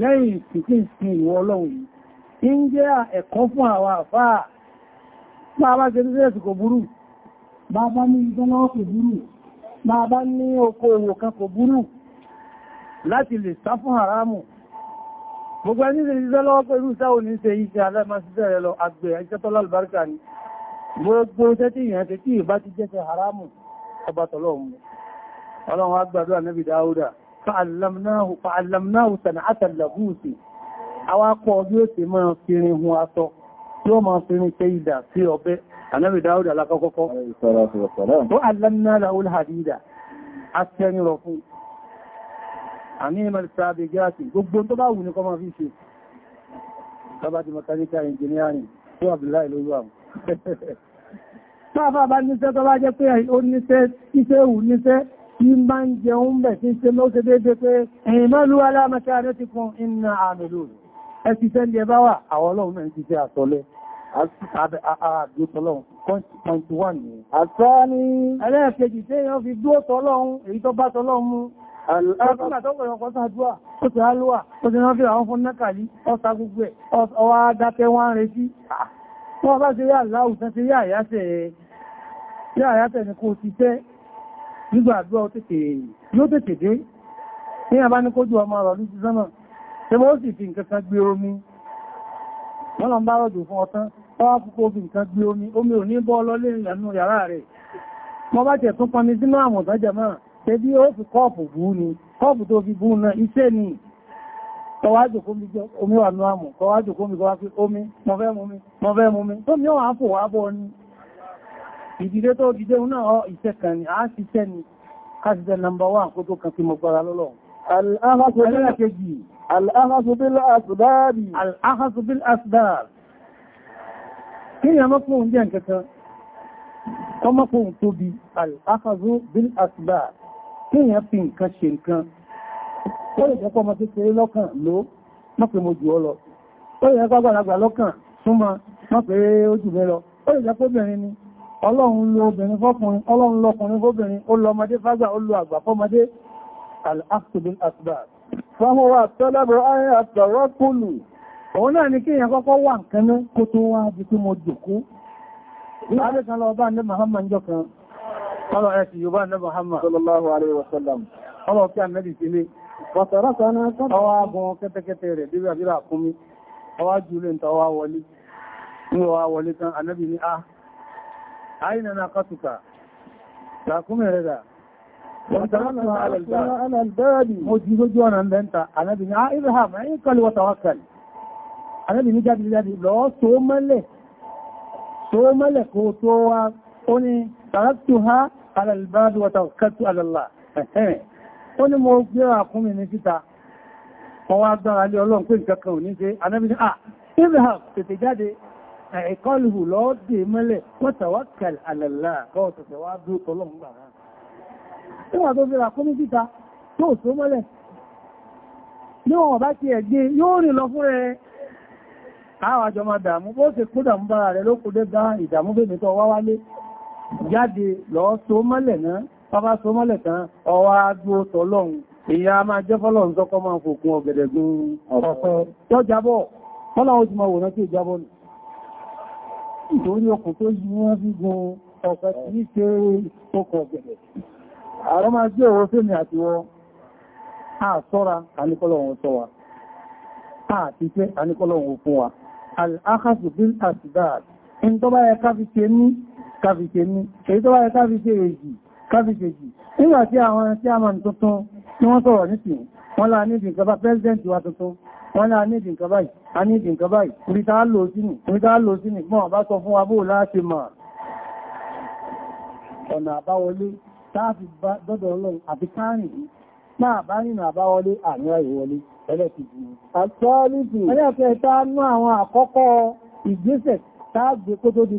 lẹ́yìn ìpínpín ìsìn ìwọ ọlọ́run yìí ń jẹ́ ẹ̀kọ́ fún àwọn àfáà máa bá ṣe ní ṣẹ́ẹ̀sì kò burú máa bá ní ìgbọ́nà kò burú máa bá ní oko òwò kan kò burú láti lè sá fún haramu gbogbo ẹni ṣe ṣiṣẹ́ lọ́wọ́ pẹ̀lú sáwò ní ṣe iṣẹ́ alẹ́mọ́ ṣiṣẹ́ rẹ̀ lọ àgbẹ̀ iṣẹ́ tọ́lá àlùbáríkà ni gbogbo iṣẹ́ tí ìyàn ṣe tí ìbá ti jẹ́ ṣe haramu ọlọ́run á gbàdúrà dáúdà fa'allamnahu sana'ata labusi awakọ̀ bí ó ti máa firin hun aṣọ tí ó máa firin tẹ ìdà sí ọ̀bẹ anábì dáúdà alákọ́kọ́kọ́ tó allamna lahul hadida aṣẹ́rinrọ̀ fún àní ìmọ̀lẹ̀sáàbì gáàsì gbogbo tó bá wù ní kọ́ máa fi ṣe bàbá ti mọ̀kálíkà ìjìnìyàn níṣẹ́ tó jẹ́ pé ó níṣẹ́, iṣẹ́ ìwù níṣẹ́, tí ń bá ń jẹun bẹ̀ tí ń ṣe ló ṣe déédé pé ẹ̀yìn máa lúwá lámàṣá rẹ̀ ti kún iná àmìlú ẹ̀sì tẹ́ ní ẹbá wà àwọn ọlọ́run náà ti ṣe àtọ́lẹ̀ àdúrótọ́lọ́run 21 ni àtọ́ ní ẹlẹ́ẹ̀kejì tí èèyàn fi dúó tọ́lọ́run èyí tó bá tọ́lọ́run mú Tí àyátẹ̀ ni kò ti tẹ́ nígbà àdúrà ó tètè yóò tètè dé ní àbá ní kójú ọmọ ọ̀rọ̀ ní sísánà tí wọ́n sì fi nǹkan kan gbé omi wọ́n lọ bá rọ̀jò fún ọtán wọ́n púpọ̀ fi nǹkan gbé omi omi ò ní bọ́ lọlé ìyànú yàrá rẹ̀ wọ́n bá tẹ̀ tún pọnmi sínú àwọn ọ̀tọ́jẹ̀ ni kọ́ọ̀pù tó fi bú na iṣẹ́ ni tọwájò kómi omi wà nú àmù tọwájò kómi kọwá fi omi mọ́fẹ́ mú mi mọ́fẹ́ mú mi tó mi ó wà á fò wá bọ́ ni ìdílé tó dìde náà iṣẹ́ kan ni a ṣiṣẹ́ ni káṣiṣẹ́ number one kó tó kan fi mọ̀ gbára lọ́lọ́ al-akhasu bil asbab al-akhasu bil asbab kíyàn mọ́pọ̀ oúnjẹ nǹkankan kọmọ́pọ̀ oún tóbi al-akhasu bil asbab kíyàn fi nǹkan ṣe nǹkan ó lè jẹ́kọ́ ọmọ kékeré lọ́kàn ló mọ́pẹ̀ mo jù ọ lọ ó lè jẹ́kọ́ àgbàlagbà lọ́kàn súnmọ́ mọ́pẹ̀ ó jù mẹ́ lọ ó lè jẹ́kọ́ obìnrin ni ọlọ́run lo obìnrin fọ́kùnrin ọlọ́run lọ́kùnrin fóbìnrin ó lọ ọmọdé fágbà ó lo àgbà fọ́mọdé al-aqtubin asbab fọ́mọ́ wa tọ́lábọ̀ ayé àtọ̀rọ̀ púlù òun náà ni kí èèyàn kọ́kọ́ wà nǹkan ní kó tó wá di pé mo jòkó láàrín lọ bá ní Muhammad jọ kan ọlọ́ ẹ̀sì yóò bá ní Muhammad sallallahu alaihi wasallam ọlọ́ kí àmẹ́lì sí ní pọ̀tọ̀rọ̀ kan ọwá agun kẹ́tẹ́kẹ́tẹ́ rẹ̀ bí àbíra fún mi ọwá jùlẹ̀ ń tọwá wọlé tán ànábì ní ah aina naqatuka ràkúnmí rẹ̀ dà Mojí lójú ọ̀nà ń bẹ́ntà, ànábì ní Abraham, ẹ̀yìn kọlu wọ́tawọ́kàl. Ànábì ní jáde jáde lọ tó mọ́lẹ̀, tó mọ́lẹ̀ kó tó wá, ó ní tàràtù ha alàlbáàdù wọ́tawọ́kàtù alàlá. Ó ní mo gbé àkúnmì ní síta, wọ́n wá gbára lé ọlọ́run pé nǹkan kan ò ní ṣe, ànábì ní, ah, Abraham, tètè jáde, ẹ̀kọ́lùhù lọ́ọ́ dè mẹ́lẹ̀ pọ́tàwákàl àlàlá kọ́ọ̀tọ̀tẹ̀ wá dúró tọ́lọ́mù gbà náà. Nígbà tó fi ràkún ní títa tó só mọ́lẹ̀. Ní wọn bá ti ẹ̀gbẹ́ yóò rìn lọ fún rẹ̀. Àwọn àjọ máa dàmú, ó sì kú dàmú bára rẹ̀ ló kú dé gan ìdàmú bèbè tó wá wálé. Jáde lọ só mọ́lẹ̀ náà, bàbá só mọ́lẹ̀ tán, ọwá dúró tọ́lọ́hun. Ìyá máa jẹ́ fọ́lọ́hun sọ́kọ́ máa fòkun ọ̀gẹ̀dẹ̀ gun ọ̀pọ̀. Tọ́jábọ̀, fọ́lọ́hun ti máa wòrán sí ìjábọ̀ nù nítorí ọkùn tó yí wọ́n gígun ọ̀pẹ́ tí í ṣe ọkọ̀ ọ̀gẹ̀dẹ̀ àwọn máa jẹ́ ọwọ́ sí mi àti wọn àṣọ́ra àníkọ́lọ̀wọ̀n sọ wa àti pé àníkọ́lọ̀wọ̀n fún wa al-akhadhu bil asbab in tó bá yẹ káfíṣe ní káfíṣe ní èyí tó bá yẹ káfíṣe èjì káfíṣe èjì a mọ̀ tuntun tí wọ́n sọ̀rọ̀ nítì wọ́n lá níbi ìjọba pẹ́sidẹ̀ntì wa tuntun wọ́n náà ní ìdìnkà báyìí a ní ìdìnkà báyìí orí tá lò sínú orí tá lò sínú mọ́ bá sọ fún wa bó láti mọ̀ ọ̀nà àbáwọlé táàfi dọ́dọ̀ ọlọ́run àti káàrin náà bá nínú àbáwọlé àríwá ìwọlé ẹlẹ́kìtì ẹlẹ́kẹta nú àwọn àkọ́kọ́ ìgbésẹ̀ táàgbé kó tó di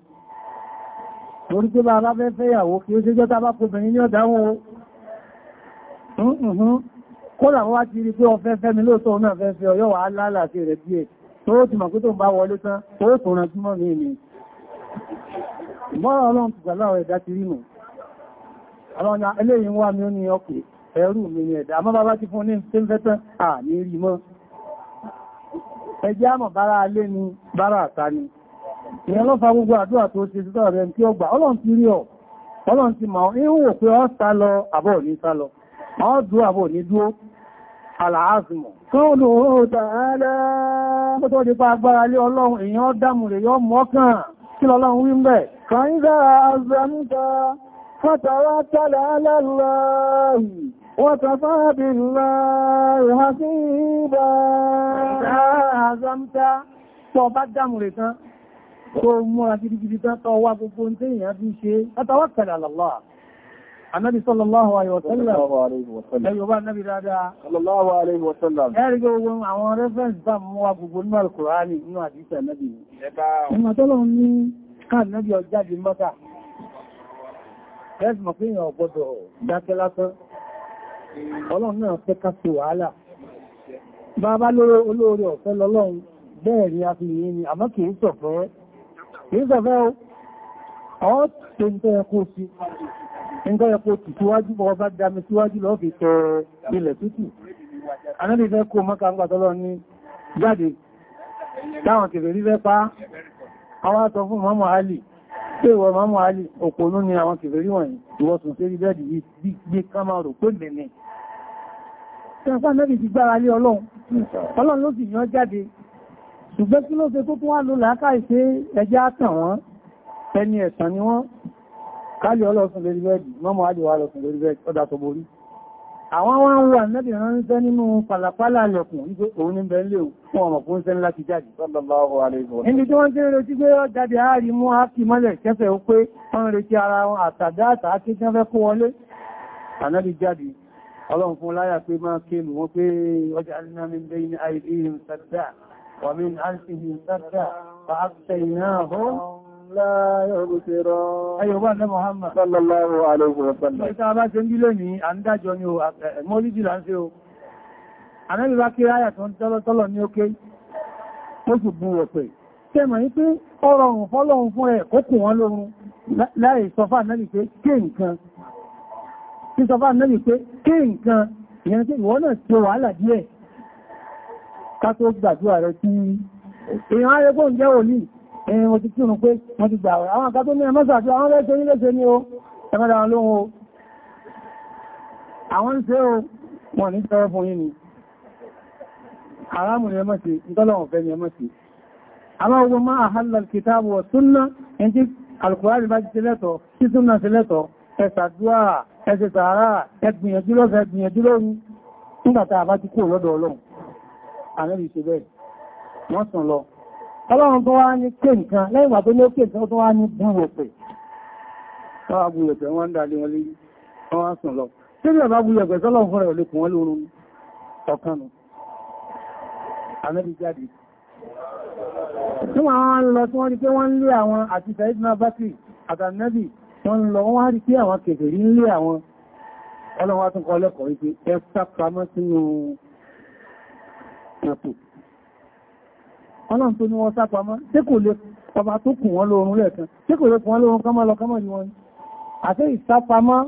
torí pé bá bá fẹ́ fẹ́yàwó kí ó ṣe jọ́ta bá kòbìnrin ní ọ̀dáwó kó làwọ́ wá ti rí pé ọfẹ́ fẹ́mi lóòtọ́ náà fẹ́ fẹ́ ọyọ́ wà á lálàáfí rẹ̀ díẹ̀ tó ó ti mọ̀ pé tó ń bá wọlé tán tó ó tún rántí mọ́ mi ni mọ́rọ̀ ọlọ́run ti gbà láwọ̀ ẹ̀dá ti rí nù àwọn ìyẹn lọ́fà gbogbo àdúrà tó ṣe títọ́ rẹ̀ tí ó gbà ọlọ́run ti rí ọ̀ ọlọ́run ti mọ̀ ń wò pé ọ́ sá lọ àbọ̀ ní sá lọ ọ́ dúró àbọ̀ ní dúró aláàzùmọ̀ kọ́ọ̀lù oó tààlá kó tó dípa agbára lé ọlọ́run èèyàn dámù rẹ̀ yọ mọ́kàn kí lọ́lọ́run wí ń tó múra gidigidi tátọ́ wá gbogbo ń tẹ́yìn bí ṣe atawakkal ala Allah Anábi sallallahu alaihi wasallam. Ẹyọ bá nábi dáadáa. Sallallahu alaihi wasallam. Ẹ́rí gbogbo àwọn rẹ́fẹ́nsì bá mú wa gbogbo nínú Al-Qur'ani nínú àdísà nábi. Ẹgbà tọ́lọ ní káàdì nábi ọjáde mọ́ta. Ẹ́sì mọ̀ pé èèyàn ọgbọ́dọ̀ dákẹ́ lásán. Ọlọ́run náà fẹ́ ká sí kìí sọ̀fẹ́ o ọ́ tó ń tẹ́ ẹkùn sí ẹgbẹ́ ẹkùn tì síwájú bọ́ bá dámi síwájú lọ́ fi tẹ ilẹ̀ tútù anábìfẹ́ kó mọ́ka ń pàtọ́lọ́ ní jáde táwọn kèrè rí fẹ́ pa àwọn àtọ fún mọ́mọ̀ alì pé ìwọ mọ́mọ̀ alì òpònú ni àwọn kèrè rí wọ̀nyí ìwọ̀sùn sí rí bẹ́ẹ̀dì yìí gbé kámàrò pé mẹ́mẹ́ ṣùgbọ́n kí ló ṣe tó tún wá ló láákà ìṣe ẹjẹ́ àtàn wọn ẹni ẹ̀tàn ni wọ́n kálí ọlọ́sùn lórí bẹ́ẹ̀dì mọ́mọ́ àjọwà lọ́sùn lórí bẹ́ẹ̀dì ọdá tó borí àwọn wọn ń wà nẹ́bì ránṣẹ́ nínú pàlàpàlà lẹ̀kùn wípé òun ní bẹ́ẹ̀lẹ̀ fún ọmọ fún ṣẹ́ láti jáde níbi tí wọ́n ṣe ọlọ́run fún láyà pé máa kéèlù wọn pé ọjà alínàmí bẹ́yìn àìdí ìrìn sàdáà ومن ألفه سردا فأبتيناهم لا يبصرون أيها النبي محمد صلى الله عليه وسلم إذا ما جنبي لني عند جونيو مولد لانسيو أنا بذكر آية تنتظر تلو نيوكي Oṣùgbù ọ̀pẹ̀. Tẹ́mọ̀ yí pé ọ̀rọ̀ ọ̀rùn fọ́lọ́run fún ẹ̀ kó kù wọn lórun láì sọfà nẹ́bì pé kí nǹkan. Tí sọfà nẹ́bì pé kí nǹkan, ìyẹn tí ìwọ náà tí ó wàhálà díẹ̀ kátó gbàdúrà rẹ̀ tí èèyàn arẹ́gbò ń jẹ́ òní ẹ̀yìn òtí tí òun pé wọ́n ti gbà àwọn àkátó ní ẹmọ́sà tí àwọn lẹ́ṣẹ́ ní lẹ́ṣẹ́ ní o ẹmọ́dà wọn lóhun o àwọn ṣe o wọ́n ní tẹ́rẹ fún yìí ni haramu ni ẹmọ́sì ìtọ́lọ̀wọ̀n fẹ́ ni ẹmọ́sì àwọn ogun máa hàlà kìtàbù ọ̀túnnà ẹn tí alkùnrin bá ti ṣe lẹ́tọ̀ tí túnnà ṣe lẹ́tọ̀ ẹ̀sàdúà ẹ̀sẹ̀ sàárà ẹgbìyànjú lọ́sẹ̀ ẹgbìyànjú lórí nígbàtà àbá ti kúrò lọ́dọ̀ ọlọ́run àrẹ́bì ṣe bẹ́ẹ̀ wọ́n sùn lọ ọlọ́run tó wá ní pé nǹkan lẹ́yìnwà tó ní ó pè tó wá ní búwọ̀pẹ̀ tọ́wà búwọ̀pẹ̀ wọ́n ń dalé wọn lé wọ́n wá lọ tí bí ọ̀bá búwọ̀pẹ̀ tọ́lọ̀ fún ọlọ́run wá tún kọ́ lẹ́kọ̀ọ́ wípé ẹ pẹ̀pù ọlọ́run tó ní wọ́n sápamọ́ tí kò lè pàpà tó kù wọ́n lórun lẹ́ẹ̀kan tí kò lè kù wọ́n lórun kọ́mọ́ lọ kọ́mọ́ ni wọ́n àti ìsápamọ́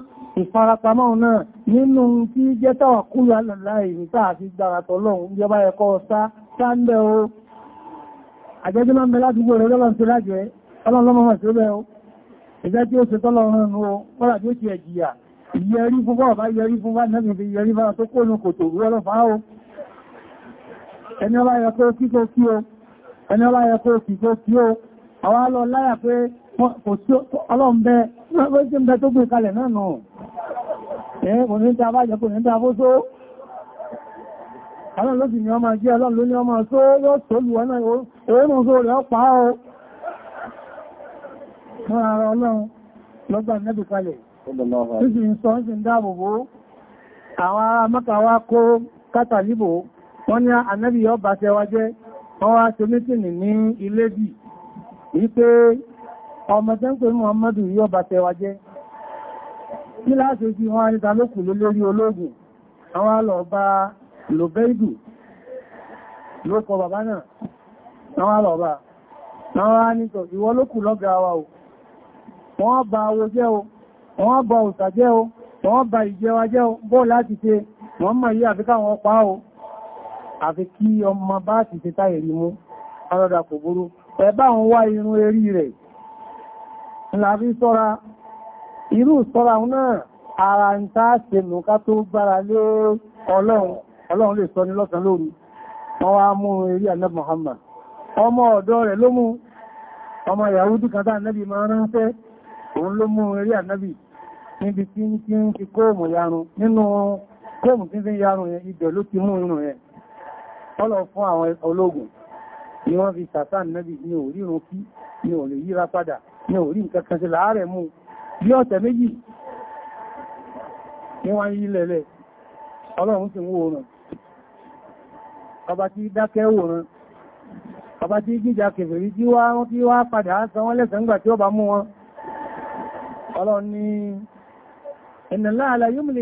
ìfarapamọ́ náà nínú tí jẹ́ táwà kúrò alàláì ní táà fi gbára tọ́lọ́run bí ọba ẹ̀kọ́ sá sáńbẹ́ o àjẹ́jẹ́ máa ń bẹ láti gbọ́ rẹ̀ lọ́lọ́run tó lájẹ́ ọlọ́run lọ́mọ́ mọ̀ sí ó bẹ́ o ìjẹ́ tí ó ṣe tọ́lọ́run nù o kọ́lá tí ó ti ẹ̀jìyà ìyẹrí fún bọ́ọ̀ bá yẹrí fún bá nẹ́bìn fi yẹrí fára tó kó nù kòtò rú ọlọ́fàá o ẹni ọlá yẹ pé kí kó kí o ẹni ọlá yẹ pé kí kó kí o àwọn alọ láyà pé kò sí ọlọ́m̀bẹ tí ń bẹ tó gbé kalẹ̀ náà nù ẹ́ kò ní ta bá jẹ kò ní ta bó só ọlọ́run ló sì ní ọmọ jẹ́ ọlọ́run ló ní ọmọ só yóò tó lù ọ́nà òórùn só rẹ̀ ọpa o fún ara ọlọ́run lọ́gbà nẹ́bì kalẹ̀ tí sì ń sọ ń sì ń dáàbòbò àwọn ará mọ́kàwá kó kátàlíbò wọ́n ní ànábì yọ bá tẹwa jẹ́ wọ́n wá ṣe mítìnì ní ilé bì wípé ọmọ tẹ́ ń pè Muhammadu yọ bá tẹwa jẹ́ kí láti fi wọ́n níta lókù lórí ológun àwọn alọ̀ bá lòbẹ́ìdù ló kọ bàbá náà àwọn alọ̀ bá àwọn anìtọ̀ ìwọ lókù lọ́gà wa o wọ́n bá owó jẹ́ o wọ́n bá òsà jẹ́ o wọ́n bá bọ́ láti ṣe wọ́n mọ̀ yí àfikà wọn pa o àfi kí ọmọ bá ti ṣe táyẹ̀ rí mú arọ́dà kò burú ẹ̀bá ń wá irun erí rẹ̀ láàrí sọ́ra irú sọ́ra náà ara ń tá ṣe nùká tó gbára lé ọlọ́run ọlọ́run lè sọ ní lọ́sàn lóru Muhammad ọmọ ọ̀dọ́ rẹ̀ ló mú ọmọ Yahudi kan tá Ànábì máa ránṣẹ́ òun ló mú erí Ànábì níbi tí ń fi kóòmù yarun nínú kóòmù tí ń fi yarun yẹn ló ti mú irun yẹn ọlọ fún àwọn ológun ni wọ́n fi sàtàn nẹ́bì ní orírun kí ní ò lè yíra padà ní orí nǹkan sí láàárẹ̀ mú bí ọ̀tẹ̀ méjì ní wọ́n yí lẹ̀lẹ̀ ọlọ́run ti wó oòrùn ọba tí dákẹ́ oòrùn ọba tí gíjà kèfèrí tí wá wọ́n tí wá padà sọ wọ́n lẹ́sẹ̀ ńgbà tí ó mú wọn ọlọ́run ni inna Allaha la yumli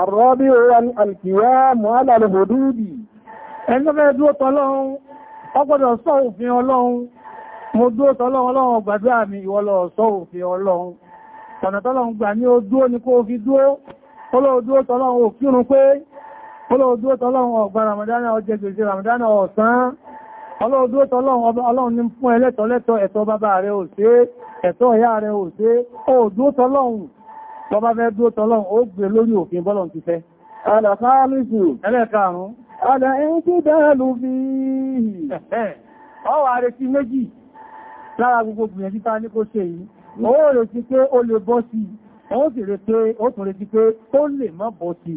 àrọ́bí oran alkiyamu alàlùhùdúdì ẹni fẹ́ dúó tọ́lọ́run ọgbọ́dọ̀ sọ òfin ọlọ́run mo dúó tọ́lọ́run ọlọ́run gbàdúrà mi ìwọlọ̀ sọ òfin ọlọ́run ọ̀nà tọ́lọ́run gbà ní ó dúó ní kó fi dúó olóòdúó tọ́lọ́run ò kírun pé olóòdúó tọ́lọ́run ọgbà ramadana ọjẹ́ gbèsè ramadana tó bá fẹ́ dúró tọ́lọ́run ó gbé lórí òfin bọ́lọ̀n ti fẹ́ alàfáàlùsù ẹlẹ́karùn-ún ọ̀dà ẹ̀yìn tí dáàlù fi ọwà rẹ̀ sí méjì lára gbogbo gbìyànjú tá ní kó ṣe yìí ó rẹ̀ sí pé ó lè bọ́ sí ó sì rẹ̀ pé ó tún rẹ̀ sí pé tó lè má bọ́ sí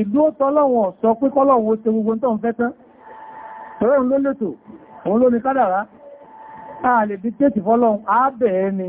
ìlú tọ́lọ́wọ̀n sọ pé kọ́lọ́wọ̀n ó ṣe gbogbo tó ń fẹ́ tán tọ́lọ́run ló lẹ́tò òun ló ní kádàrá a lè bí tẹ́tì fọ́lọ́run á bẹ̀ẹ́ ni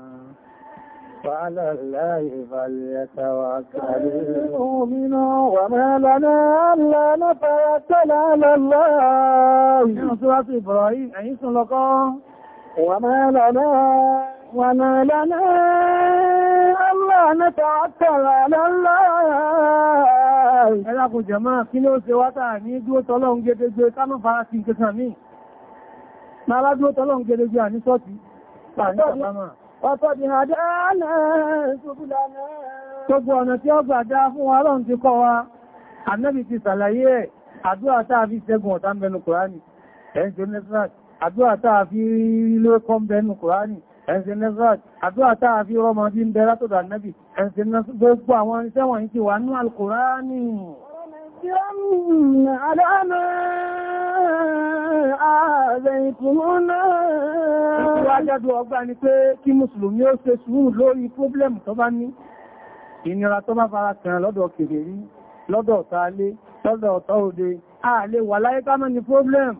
وعلى الله فليتوكل المؤمنون وما لنا ألا نتوكل على الله من سورة إبراهيم أي سلقا وما لنا وما لنا ألا نتوكل على الله Ẹ dákun jàmáà kí ló ṣe wátà ní dúó tọ́lọ́un gẹ́gẹ́gẹ́ ká mọ́ fara sí ìkẹsàn ní. Máa lá dúó tọ́lọ́un gẹ́gẹ́gẹ́ àní sọ́tí, pàní àbámà. Ọ̀pọ̀ ti hàn dáadáa ṣubúlànà. Gbogbo ọ̀nà tí ó gbà dáa fún wa lọ́n ti kọ́ wa, Ànábì ti sàlàyé ẹ̀, àdúrà táà fi ṣẹ́gun ọ̀tá mẹ́nu Kùránì, ẹ̀ṣẹ́ Nẹ́sìràt, àdúrà táà fi rí ló kọ́ mẹ́nu Kùránì, ẹ̀ṣẹ́ Nẹ́sìràt, àdúrà táà fi rọ́mọ bí ń bẹ látọ̀dọ̀ Ànábì, ẹ̀ṣẹ́ Nẹ́sìràt, ààrẹ̀kùnmọ́nà. Ìwà jádù Ìnira tó bá fara kàn lọ́dọ̀ kèfèrí, lọ́dọ̀ ọ̀tá alé, lọ́dọ̀ ọ̀tá òde, ààlè wà láyé ká ni pọ́blẹ̀mù.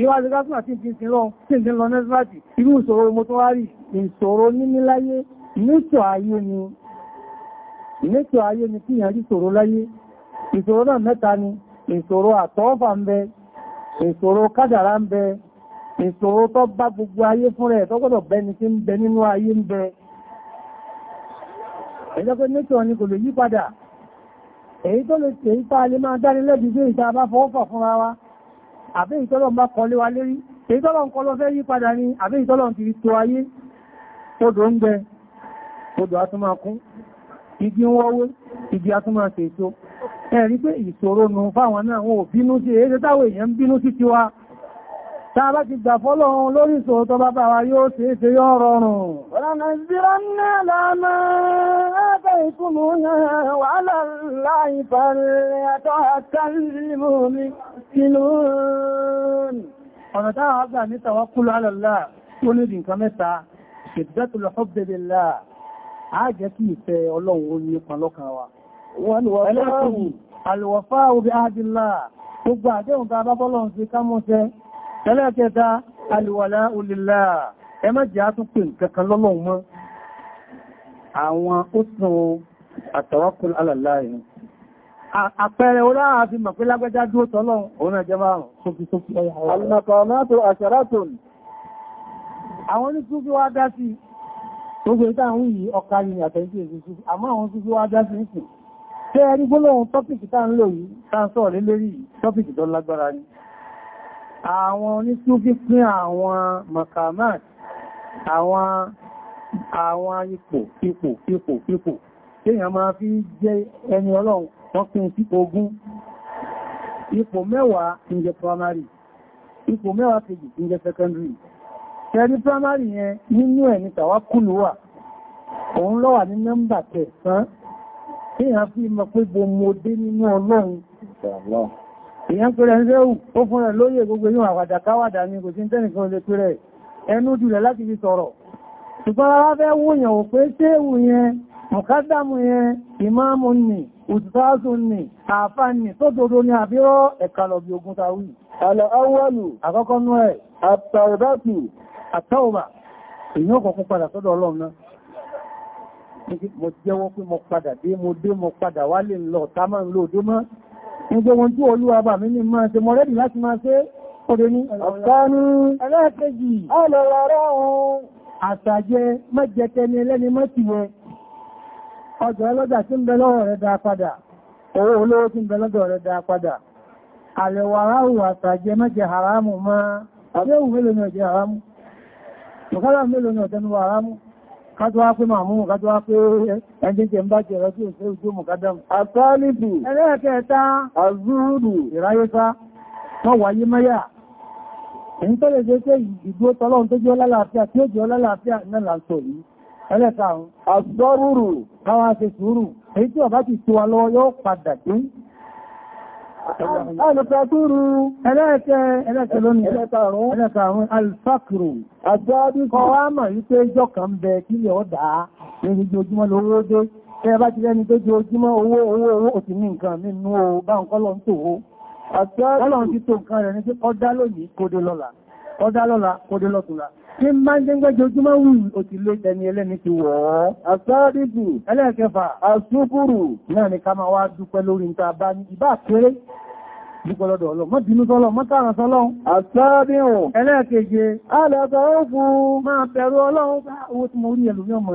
Ìwà jẹ́ gásùn àti ìpínsin lọ, tí ìdí lọ nẹ́sìláti, irú ìṣòro mo tó wá ìṣòro níní láyé, ìṣòro kádàrá ń bẹ ìṣòro tó bá gbogbo ayé fún rẹ̀ tó gbọ́dọ̀ bẹni tí ń bẹ nínú ayé ń bẹ ẹjọ́pẹ́ nítọ̀ ni kò lè yí padà èyí tó lè tẹ̀ ipa lè máa dárí lẹ́bi bí ìta bá fọwọ́fọ̀ fúnra wa àbí ìtọ́lọ̀ bá kọlé ni àbí ìtọ́lọ̀ ti tó ayé odò ń bẹ odò atúmakún igi ẹ̀rí pé ìṣòro nù fáwọn náà wọn ò bínú sí èyí táwọn èèyàn bínú sí tiwa táa bá ti gbà fọ́lọ́run lórí ìṣòro tó bá bá wa yóò ṣe é ṣe yọ́ rọrùn ọ̀rọ̀nà ìsìnrànà lámà ẹ́bẹ̀ ìkúnmù wàhálà láì fàrẹ̀ àtọ́ àtàlìmù mi kìlú ọ̀nà táwọn àgbà ní tawakkul ala Allah tó ní nǹkan mẹ́ta shiddatul hubbi billah á alwafa'u bi ahdillah gbogbo àdéhùn ta bá bọ́lọ̀n sí kámọ́sẹ́ ẹlẹ́kẹta alwala'u lillah ẹ má jẹ́ àtúnpè kankan lọ́lọ́run mọ́ àwọn òsùn àtawakkul ala Allah àpẹẹrẹ olára fi mọ̀ pé lágbẹ́já dúó tọ́lọ́run òun àjẹ́ márùn-ún sókí sókí àwọn ní súnfí wá dá sí tẹ́ rí gbólóhùn tọ́pìkì tá ń lò yìí sáńsọ̀ rẹ̀ lórí tọ́pìkì tó lágbára ní àwọn onísúfí pín àwọn makamat àwọn àwọn ipò ipò ipò ipò téèyàn máa fi jẹ́ ẹni ọlọ́run wọ́n pín sí ogún ipò mẹ́wàá primary ipò mẹ́wàá kejì ń jẹ́ secondary tẹ́rí primary yẹn nínú ẹ̀ ní tàwákùlù wà òun ló wà ní kí èyàn fi mọ̀ pé bó mo dé nínú ọlọ́run èyàn pẹ̀rẹ̀ ń rẹ́wù ó fún rẹ̀ lóyè gbogbo yíò àwàdà káwàdà ní kò sí tẹ́nìkan lè pẹ̀rẹ̀ ẹnu jùlẹ̀ láti fi sọ̀rọ̀ ṣùgbọ́n ara fẹ́ wòyàn ò pé ṣéèwù yẹn mọ̀kádàmù yẹn ìmáàmù nì òtútàásù nì àfà nì tó dodo ní àbírọ́ ẹ̀ka lọ bí ogun ta wí aláwọ̀lù àkọ́kọ́ nú ẹ̀ àtàwọ̀dátù àtàwọ̀bà èyàn kọ̀kún padà sọ́dọ̀ ọlọ́run náà mo jẹ́wọ́ pé mo padà dé mo dé mo padà wá lè lọ ta máa ń lò dé mọ́ ẹgbẹ́ wọn tí olúwa bà mí ní máa ṣe mọ́ rẹ́dì láti máa ṣe ọdẹ ní ọ̀tánú ẹlẹ́ẹ̀kejì ọlọ́rọ̀ ohun àṣàjẹ́ mẹ́jẹtẹni ẹlẹ́ni mọ́tìwẹ ọjọ́ ẹlọ́dà tí ń bẹ lọ́wọ́ rẹ̀ dá padà kájúwá pé màmú kájúwá pé ẹgbẹ́jẹ ń bá jẹ̀rọ tí ó ṣe ojú mọ̀kádàm. àtàlìbù ẹlẹ́ẹ̀kẹta àzúrùdù ìráyéfá wọ́n wáyé mẹ́yà èyí tó lè ṣe pé ìdúró tọ́lọ́run tó jẹ́ ọlálàáfíà tí ó jẹ́ ọlálàáfíà náà sọ yìí ẹlẹ́ẹ̀karùn-ún àzọ́rùrù káwá ṣe sùúrù èyí tí ọ̀bá ti Alùfàkúrù ẹlẹ́ẹ̀kẹ́ ẹlẹ́ẹ̀kẹ́ lónìí ẹlẹ́ẹ̀kàrún alùfàkúrù. Àjọ́bí kọ́ wá mọ̀ wípé ìjọ kan bẹ kí lè ọ́dá ní ojoojúmọ́ lówó dé. Ẹ bá ti lẹ́ni tó ojoojúmọ́ owó owó owó òtì ní nǹkan nínú bá ń kọ́lọ́ ń tò ó. Ọlọ́run ti tó nǹkan rẹ̀ Tí ń bá ń jẹ́ gbẹ́jọjúmọ́ wù ó ti lé ẹni ẹlẹ́ni ti wọ̀ ọ́. Àsáàdìbù. Ẹlẹ́ẹ̀kẹfà. Àsúkúrù. Náà ni ká máa wá dúpẹ́ lórí níta bá ní ìbá kéré. Dúpẹ́ lọ́dọ̀ ọlọ́. Mọ́ bínú sọ́lọ́, mọ́ tààràn sọ́lọ́. Àsáàdìbù. Ẹlẹ́ẹ̀keje. Alẹ́ta ó fún. Máa bẹ̀rù ọlọ́run. Owó tí mo rí ẹlòmí ọmọ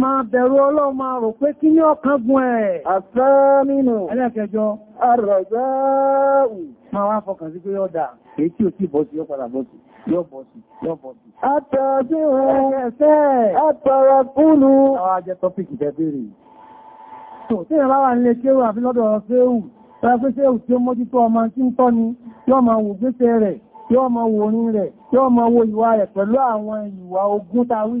Ma bẹ̀rù ọlọ́run máa rò pé kí ní ọkàn gun ẹ̀. àsámínú ẹlẹ́kẹjọ àrọ̀gbáàwù máa wá fọkàn sí pé yọ́ dà èyí tí ò sí bọ́sí yọ́ padà bọ́sí yọ́ bọ́sí yọ́ bọ́sí. àtàbí wọn ẹ̀ẹ́sẹ́ àtàrà kúlù. àwọn ajẹ́ tọ́pìkì tẹ́ bèèrè. tó tí ìrìn bá wà nílé kéwù àfi lọ́dọ̀ ṣéwù tọ́lá pé ṣéwù yọ́ máa wò orin rẹ̀ yọ́ máa wo ìwà rẹ̀ pẹ̀lú àwọn ìwà ogún tawí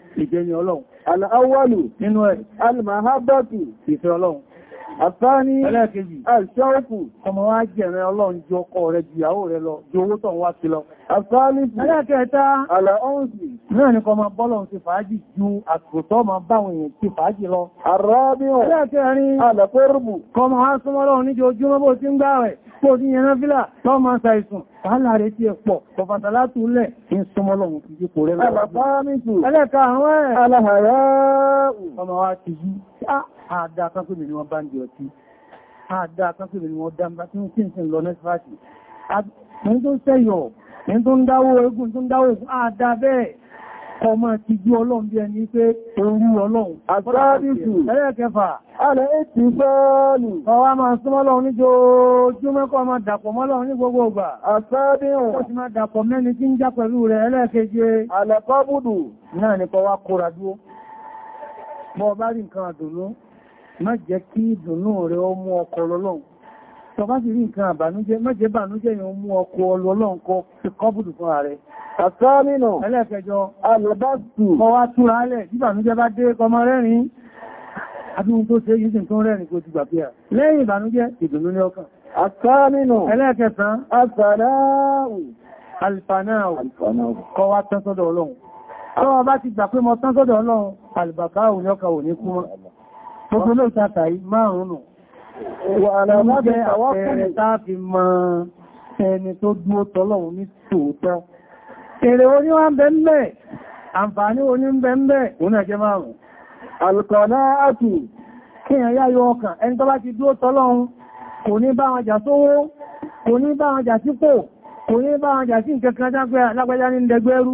ìjẹni ọlọ́run aláwọ̀lù nínú ẹ̀ alìmọ̀ àhábàtù ìfẹ́ ọlọ́run àtàní àṣọ́ọ̀kù ọmọ wá jẹ̀rẹ ọlọ́run jọ ọkọ rẹ̀ jìyàwó rẹ̀ lọ jọ owó tàn wá sí lọ àtàní ẹlẹ́kẹta àlàọ́nsì náà ní kọ ma bọ́lọ̀n ti fàájì ju àtòtọ́ ma báwọn èèyàn ti fàájì lọ àrọ́bíhùn ẹlẹ́kẹrin àlàkórùbù kọ ma wá súnmọ́ lọ́run ní ojoojúmọ́ bó ti ń gbá rẹ̀ tó ní ẹran fílà tó ma ṣàìsùn Bàálà rẹ̀ ti ẹ̀pọ̀, ọ̀fàtà látúlẹ̀ ní àádá tánkùnmí ni wọ́n bá ń di ọtí àádá tánkùnmí ni wọ́n dámbá tí wọ́n tí ń lọ nẹ́sìfàtì ní tó ń sẹ́yọ̀ ní tó ń dáwó egun tó ń dáwó egun àádá bẹ́ẹ̀ ọmọ ti jú ọlọ́run bí ẹni pé orí ọlọ́run àtàríkù ẹlẹ́ẹ̀kẹfà alẹ́ ètì fẹ́ẹ̀lù ọwá máa súnmọ́ lọ́run ní jòójúmẹ́kọ́ máa dàpọ̀ mọ́ lọ́run ní gbogbo ọgbà bá rí nǹkan àdùnú má jẹ́ kí ìdùnnú rẹ ó mú ọkọ ọlọ́run tó bá sì rí nǹkan àbànújẹ́ má jẹ́ bànújẹ́ yẹn ó mú ọkọ ọlọ́run kọ ti kọ́bùdù fún ààrẹ àtọ́mìnà ẹlẹ́ẹ̀kẹjọ alẹ́bàtù kọ wá túra alẹ́ tí bànújẹ́ bá dé kọmọ rẹ́rin àbíhun tó ṣe yìí tó rẹ́rin kó ti gbàgbé à lẹ́yìn ìbànújẹ́ ìdùnnú ní ọkàn àtọ́mìnà ẹlẹ́ẹ̀kẹsàn àfàdáwù Gbogbo ló ìtàkà yìí márùn-ún nù. Wà lábẹ́ àwọ́kùnrin táà fi mọ ẹni tó dúó tọ́lọ̀un ní tòótọ́. Èrè oní wá ń bẹ mẹ́, àǹfààní oní ń bẹ mẹ́, òun ẹ̀jẹ́ márùn-ún. Àlùkọ̀ọ́lá àtù kí èèyàn yá ọkàn, ẹni tó ti dúó tọ́lọ̀un, kò ní bá wọn jà sówó, kò ní bá wọn jà sípò, kò ní bá wọn jà sí nǹkan kan ní ndẹgbẹ́rú.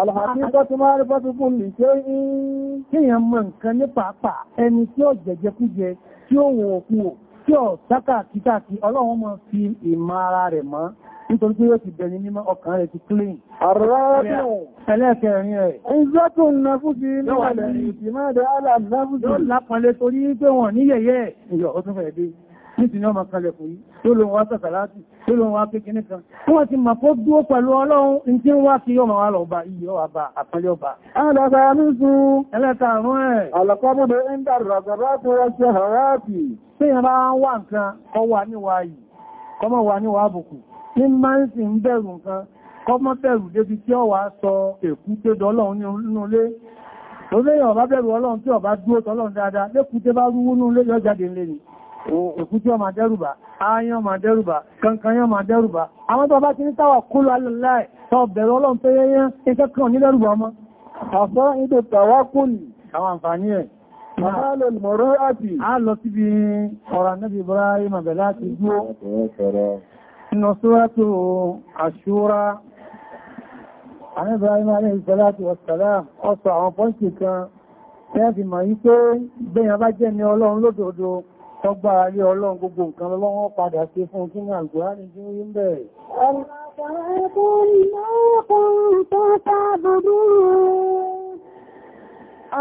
Àlàáfíkọ́ tó máa rí fọ́sí fún lè ṣe kíyàn mọ̀ nǹkan ní pàápàá ẹni tí ó jẹjẹ kújẹ tí ó wọ̀ òkú ò tí ó sákàkítàkì ọlọ́run mọ́ fi ìmọ̀ ara rẹ̀ mọ́ nítorí pé yóò ti bẹ̀rẹ̀ mímọ́ ọkàn rẹ̀ ti clean. Ẹlẹ́ẹ̀kẹrin nítí ní ọmọ kalẹ̀ fún yí tó lóun wá sàkàláàtì tó lóun wá pékin nìkan wọ́n ti mà kó dúó pẹ̀lú ọlọ́run tí ń wá sí ọmọ wa lọ bá iye ọwà bá àpẹẹlẹ́ ọba alàgbà amúsùn ẹlẹ́ta àrùn ẹ̀ alàkọ́mọ́dé ń dàrọ̀ àgbàrátò ọjọ́ àráàtì tí yẹn bá wà nǹkan kọ́ wà níwà yìí kọ́mọ̀ wà níwà àbùkù ní máa ń sì ń bẹ̀rù nǹkan kọ́mọ́ bẹ̀rù débi tí ọwà sọ èkú tó dọ́lọ́run nínú ọlọ́run tí ọ̀bá dúó tọ́lọ́run dáadáa lékú bá rúwú nínú ilé yọ jáde ńlẹ́ ni òkútí ọmọ dẹ́rùbà ayán ọmọ dẹ́rùbà kankan yán ọmọ dẹ́rùbà àwọn tó bá ti ní táwà kúrò alẹ́láì tó bẹ̀rẹ̀ ọlọ́run tó yẹ́ yán ìkẹ́kàn ní dẹ́rùbà ọmọ àfọ́ ìdò tàwà kúlì àwọn àǹfààní ẹ̀ a lọ síbi ọ̀rọ̀ Nabi Ibrahim àbẹ̀lá ti dúó inú sóràtò àṣúra Ibrahim alayhi salatu wassalam ọ̀sọ̀ àwọn pọ́ǹtì kan tẹ́ẹ̀fì mọ̀ yí pé gbẹ̀yàn bá jẹ́ ní ọlọ́run lódòdó tọ́gbà alé ọlọ́run gbogbo nǹkan lọ́wọ́ padà sí fún kí ní àgbòránì tí ó rí ń bẹ̀rẹ̀.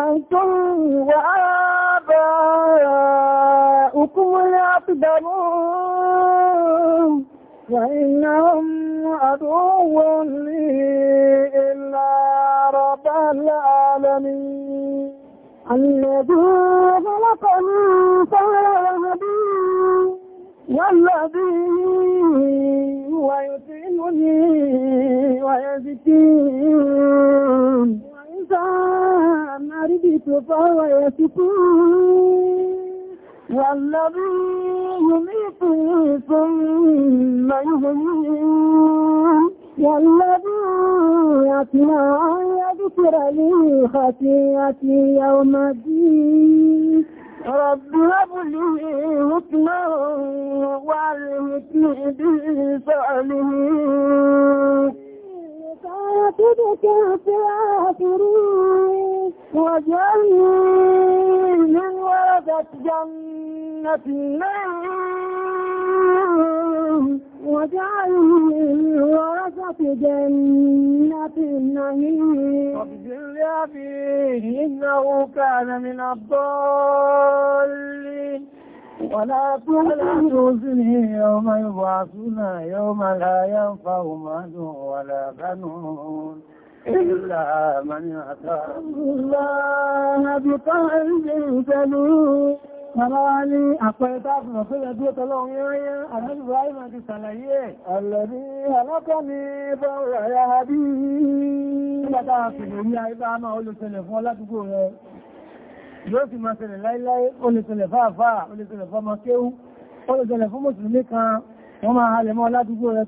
أنتم وآباؤكم الأقدمون فإنهم عدو لي إلا رب العالمين الذي خلقني فلا والذي هو يطعمني ويزكين وإذا مرضت فهو يشفين والذي يميتني ثم يهمين والذي يطمع أن يغفر لي خطيئتي يوم الدين رب هب لي حكما وعلمتني بصالحين وكاتبك في آخرين وجعلني من ولدت جنة النعيم وجعلهم ورثة جنة النعيم واغفر لأبيه إنه كان من الضالين ولا تحزني يوم يبعثون يوم لا ينفع مال ولا بنون إلا من أتى الله بقلب سليم Bàbá wá ní àpẹẹrẹ táàbùnà pé ẹbí ó tọ́lọ́ orin ríyá, àdájú Ibrahim ti sàlàyé ẹ̀. Àlọ́bí alákọ́ ni fọ́rọ̀ ẹ̀yà àbí ìgbàtà àfihàn orí àìbá máa olùsẹ̀lẹ̀ fún ọlátúgbò rẹ̀. Yóò fi máa ṣẹlẹ̀ láíláí, olùsẹ̀lẹ̀ fáàfáà, olùsẹ̀lẹ̀ fọ́mọ kéwú, olùsẹ̀lẹ̀ fún Mùsùlùmí kan, wọ́n máa halẹ̀ mọ́ ọlátúgbò rẹ̀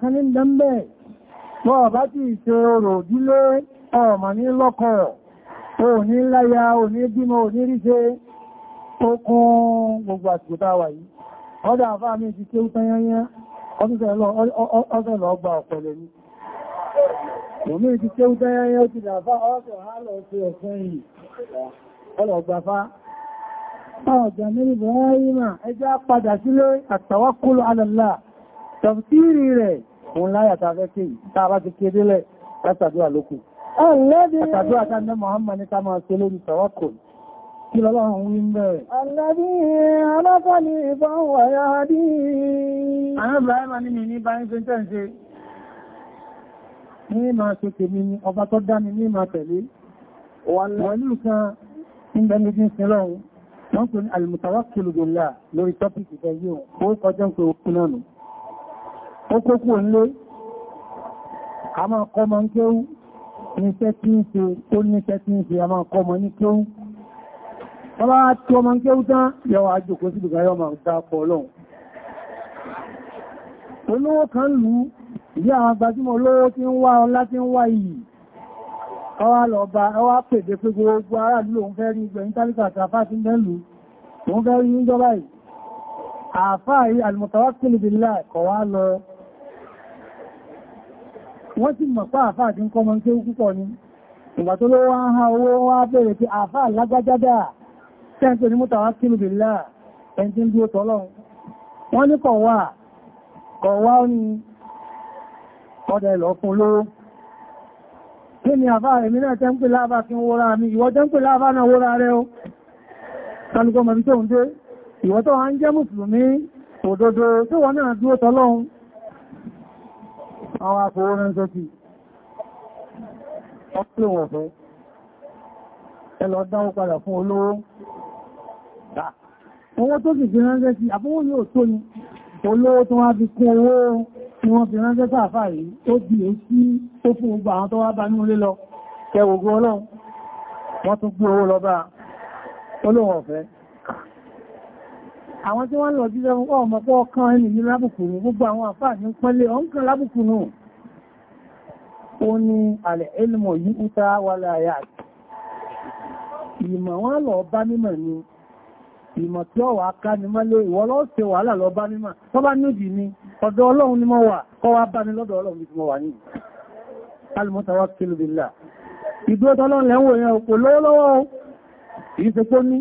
sí àfikọ́ bá wọ́n bá ti ṣe orò dílé ọmọ ní lọ́kọ̀ òní láyá òní bímọ òní ríṣe tó kún gbogbo àsìkò tá wà yìí ọdá àfáà mi ti kéwú tányányá ọdún lọ gba ọ̀pẹ̀lẹ̀ ní òní ti kéwú tányányá ó ti dàfá ọ́sẹ̀ hálọ̀ sí ẹ̀sẹ̀ yìí ọlọ̀gbàfá ọjà mẹ́rin bọ̀wọ́ yìí mà ẹjá padà sílé àtàwákúlù alàlá tàbí rẹ̀ òun láyàtà fẹ́ kí tàbá ti kéde lẹ̀ látàdúrà lókù. Àtàdúrà ká ní Mọ̀hánmà ní ká máa ṣe lórí tàwákò. Kí lọ́lọ́run wí ń bẹ̀rẹ̀? Àlàbí alákọ̀ ní ìbọn wà yára dí. Àwọn Ibrahim ní mi ní báyín ṣe ń tẹ́ ń ṣe. Ní máa ṣe tèmi ni mi ní máa ó kókò nlé a máa kọmọ ń kéwú níṣẹ́ tí ń ṣe tó níṣẹ́ tí ń ṣe a máa kọmọ ní kéwú ọba tí ọmọ ń kéwú tán yọ àjòkó sí ìgbà yọ máa dá pọ̀ lọ́n olówó kan lù ìyá àwọn gbajúmọ̀ olówó tí ń wá ọlá tí ń wá iyì ọwá lọ bá ọwá pèdè pé gbogbo ará ló ń fẹ́ rí ìgbẹ̀yìn tálíkà àtàfà tí ń bẹ́lú òun fẹ́ rí ń yìí àfáà yìí alìmọ̀tàwà sílùbìlá kọ̀wá lọ wọ́n sì mọ̀ pá àfáà tí ń kọ́ mọ́ ń ké púpọ̀ ni ìgbà tó ló ha owó wá bèèrè pé àfáà lágbájádà tẹ́ǹtò ní wá kí ni àfáà èmi náà ń jẹ́ mùsùlùmí òdodo tó wọ́n náà dúró tọ́lọ́run àwọn akọwọ́ ránṣẹ́ ti ọpílẹ̀wọ̀ fẹ́ ẹlọ dánwó padà fún olówó owó tó sì fi ránṣẹ́ ti àbúwò yóò tó ní olówó tó wá fi kún owó tí wọ́n fi ránṣẹ́ sáàfà yìí tó di èsí tó fún gbogbo àwọn tó wá bá ní lọ kẹwògbó ọlọ́run wọ́n tún gbé owó lọ bá olówó àwọn tí wọ́n lọ sí sọ fún ọmọ pọ́ kan ẹni ní lábùkù ní gbogbo àwọn àfáà ní pẹ́lẹ̀ ọ́n kan lábùkù nù ó ní alẹ̀ elmo yí úta wà láyà ìmọ̀ wọn lọ bá mímọ̀ ni ìmọ̀ tí ọwà ká ní mọ́lẹ̀ ìwọ lọ́ọ̀sẹ̀ wàhálà lọ bá mímọ̀ tó bá nídì ni ọ̀dọ̀ ọlọ́run ni mo wà kọ́ òpò lọ́wọ́lọ́wọ́ kìí ṣe ní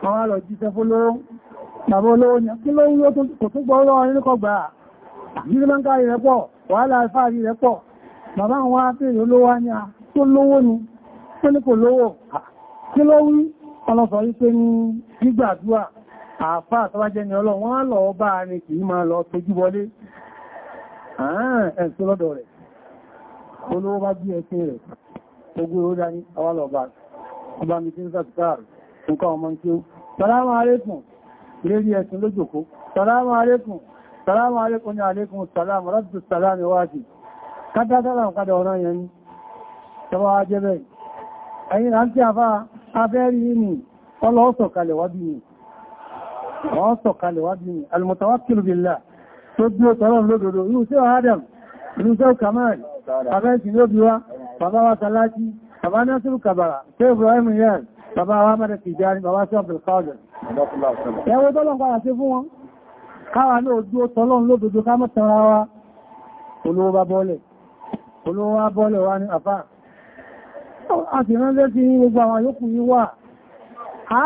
àwọn àlọ̀ jíṣẹ́ fólówó bàbá olówó kí ló ń yóò kò tó gbọ́rọ̀ nínúkọ̀ gbà rẹ̀ pọ̀ wàhálà ìfààrí rẹ̀ pọ̀ bàbá àwọn apèrè olówó ní tó lówó ni tó ní kò lówó kí ló wí ọlọ́sọ̀ wípé ní gbígbàdúrà ọba mi tí ń sàtìkáàrù nǹkan ọmọ tí ó sàlámà alékùn lérí ẹ̀sùn lójòkó sàlámà alékùn sàlámà alékùn ní alékùn sàlámà rọ́dù sàlámà wájì kátàtàrà kádà ọ̀rọ̀ yẹn ni tọwọ́ ajẹ́ bẹ́ẹ̀ ẹ̀yìn láti àfá abẹ́rí ní ọlọ́ọ̀sọ̀kalẹ̀ wábí ni ọ̀ọ̀sọ̀kalẹ̀ wábí ni almutawakkil billah tó bí ó tọrọ lódodo irú sí adam irú sí bàbá ìsìn lóbi bàbá wa salati bàbá nasiru kabara sí ibrahim bàbá wa mẹ́rẹ̀ ti já ní bàbá sí Abdul Qadir ẹwọ́ tọ́lọ̀ padà sí fún wọn káwà ní ojú tọ́lọ̀ lódodo ká mọ́tara wa olówó bọ́ọ̀lẹ̀ olówó ní àfá a sì rán lẹ́sí ní gbogbo àwọn yóò wà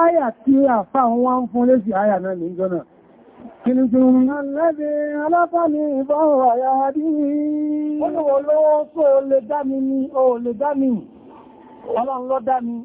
áyà tí àfá wọn ń fún lẹ́sí áyà náà ní jọ Ọlọ́run ló dá mi,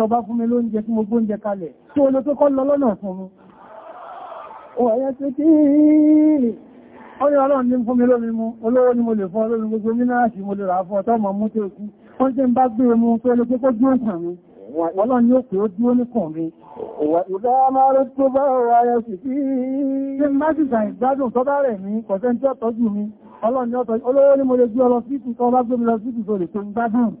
tó bá fún mi lóúnjẹ tí mo gbóúnjẹ kalẹ̀ tí ó lọ kọ́ lọ lọ́nà fún mi ọ̀yẹ́ tí kí ọ̀rẹ́ ọlọ́run ní fún mi lómi mú olówó ni mo lè fún olómi gbogbo mí mo lè rà fún ọ̀tọ́ mọ̀ mú tó kú wọ́n tí ń bá gbé mú tó lè kókó dúró kàn mí ọlọ́run yóò pé ó dúró ní kàn mí ìgbà márùn tó bá ọ̀rẹ́ sì kí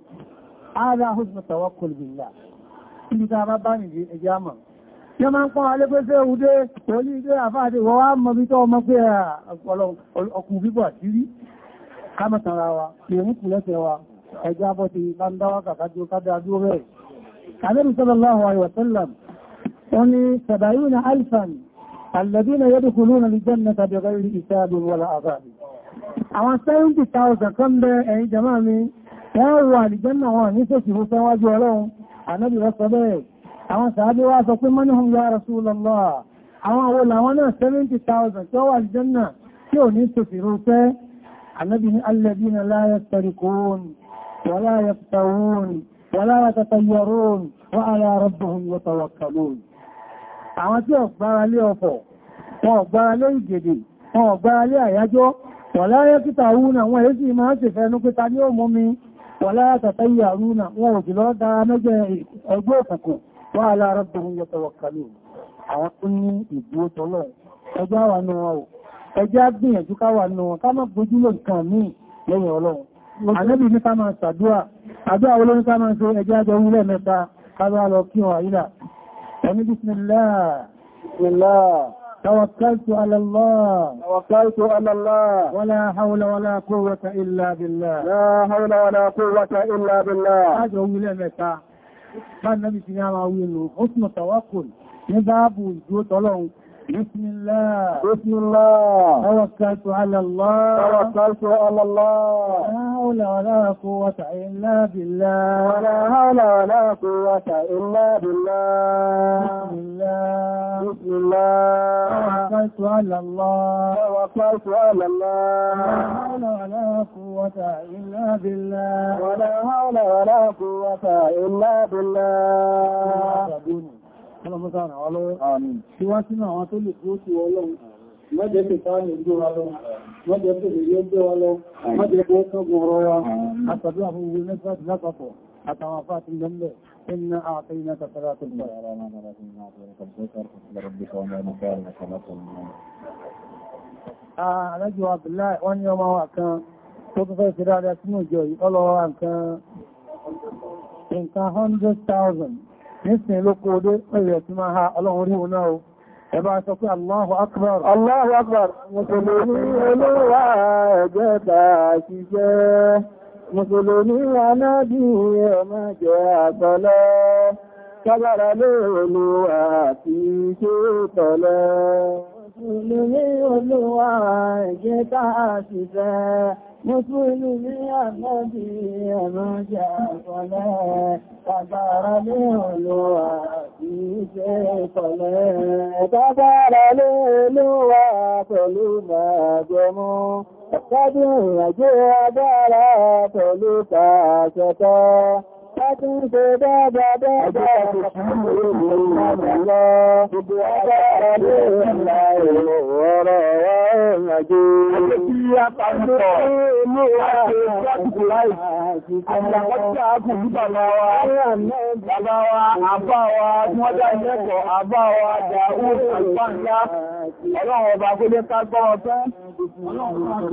ara husnul tawakkul billah ibi ta bá bá nìyí ẹjá mọ̀ tí a máa ń pọ́n alẹ́gbẹ́sẹ̀ òde pẹ̀lú ilé àfáàdé wọ́n wá mọ̀ bí tọ́ ọmọ pé ọkùn bíbọ̀ àtírí kámọ̀tànra wa lè mú kù lẹ́sẹ̀ wa ẹjá bọ́ ti bándáwà kàkájú kádà dúró bẹ́ẹ̀ Ànábì sallallahu alaihi wa sallam ó àwọn 70,000 kan bẹ ẹ̀yin jama'a mi wọ́n wọ àlìjẹ́nà wọn ní sòsì fún sẹ́wájú ọlọ́run ànábì wọ́n sọ bẹ́ẹ̀ àwọn sàábé wá sọ pé mọ́nìhùn ya Rasulullah àwọn àwọn làwọn náà 70,000 tó wà àlìjẹ́nà tí ò ní sòsì fún sẹ́ ànábì ní alladhina la yastarikun wala yaftawun wala yatatayyarun wa ala rabbihim yatawakkalun àwọn tí ò gbára lé sì máa ń ṣèfẹ́ nú pé ta ní ò wọ́n látàtà yàrú náà wọ́n òjì lọ́ dára mẹ́jẹ ẹgbẹ́ òkùnkùn wọ́n alára bẹ̀rẹ̀ yẹ tọwọ́kàlù àwọn tó ní ìdúró tọ́lọ̀ ẹjá wà nù wọn o ẹjá gbìyànjú ká wà nù wọn ká má bójú lò nǹkan míì lẹ́yìn ọlọ́run ànábì ní ká máa توكلت على الله توكلت على الله ولا حول ولا قوة إلا بالله لا حول ولا قوة إلا بالله أدعو إلى متى كان النبي صلى الله حسن التوكل يذهب ويجوت الله بسم الله بسم الله توكلت على الله توكلت على الله لا حول ولا قوة إلا بالله ولا حول ولا قوة إلا بالله بسم الله بسم الله توكلت على الله توكلت على الله لا حول ولا قوة إلا بالله ولا حول ولا قوة إلا بالله ọlọ́mọ́ta ràn wá lọ́wọ́ tí wá sínú àwọn tó lè dúró sí ọlọ́run mọ́jẹ́ pé káà ní gbé wa lọ mọ́jẹ́ pé lè gbé wa lọ mọ́jẹ́ pé ó kọ́gbọ̀n ọ̀rọ̀ wa àtàdúrà fún gbogbo mẹ́sàtì lápapọ̀ àtàwọn afá ti lẹ́lẹ̀ إن أعطيناك صلاة Alájú Abdullahi wọ́n ní ọmọ wa kan tó tó fẹ́ sí dáadáa sínú ìjọ yìí, nǹkan 100,000 nísìn ló kó odó ẹ̀rẹ̀ tí máa ha ọlọ́run rí oná o ẹbá sọ pé Allahu Akbar Allahu Akbar mùsùlùmí olówà ẹgbẹ́ tàṣíṣẹ́ mùsùlùmí anábí ọmọ jẹ́ àtọ́lẹ́ kágbára lóòlù àti ṣe tọ́lẹ́ Mùsùlùmí olúwa ẹ̀jẹ́ táà sì fẹ́, Mùsùlùmí àmọ́bí ẹ̀rọ́jà kọlẹ̀, Tàbára lé olúwa ìṣẹ́ kọlẹ̀, Tàbára lé olúwa pẹ̀lú màgbẹ̀mú, Tàbí ìrìnàjò agbára pẹ̀lú tàṣẹtọ́. Tọ́jú ń ṣe dáadáa dáadáa. Ọjọ́ ìṣúlù ìlú ìrìnàjò. Gbogbo ọjọ́ ọdún ìrìnà ìrìnà ọ̀rọ̀ ìrìnàjò. Ọjọ́ tí a bá ń sọ ìlú àti ìjọ́kùnkù láì. Àwọn ọjọ́ àkùn ní bàbá wa, bàbá wa, àbá wa, wọ́n dá ilẹ́kọ̀ọ́, àbá wa, dàúrù, àgbáńlá. Ọlọ́run ọba kó jẹ́ ká gbọ́ ọ̀fẹ́.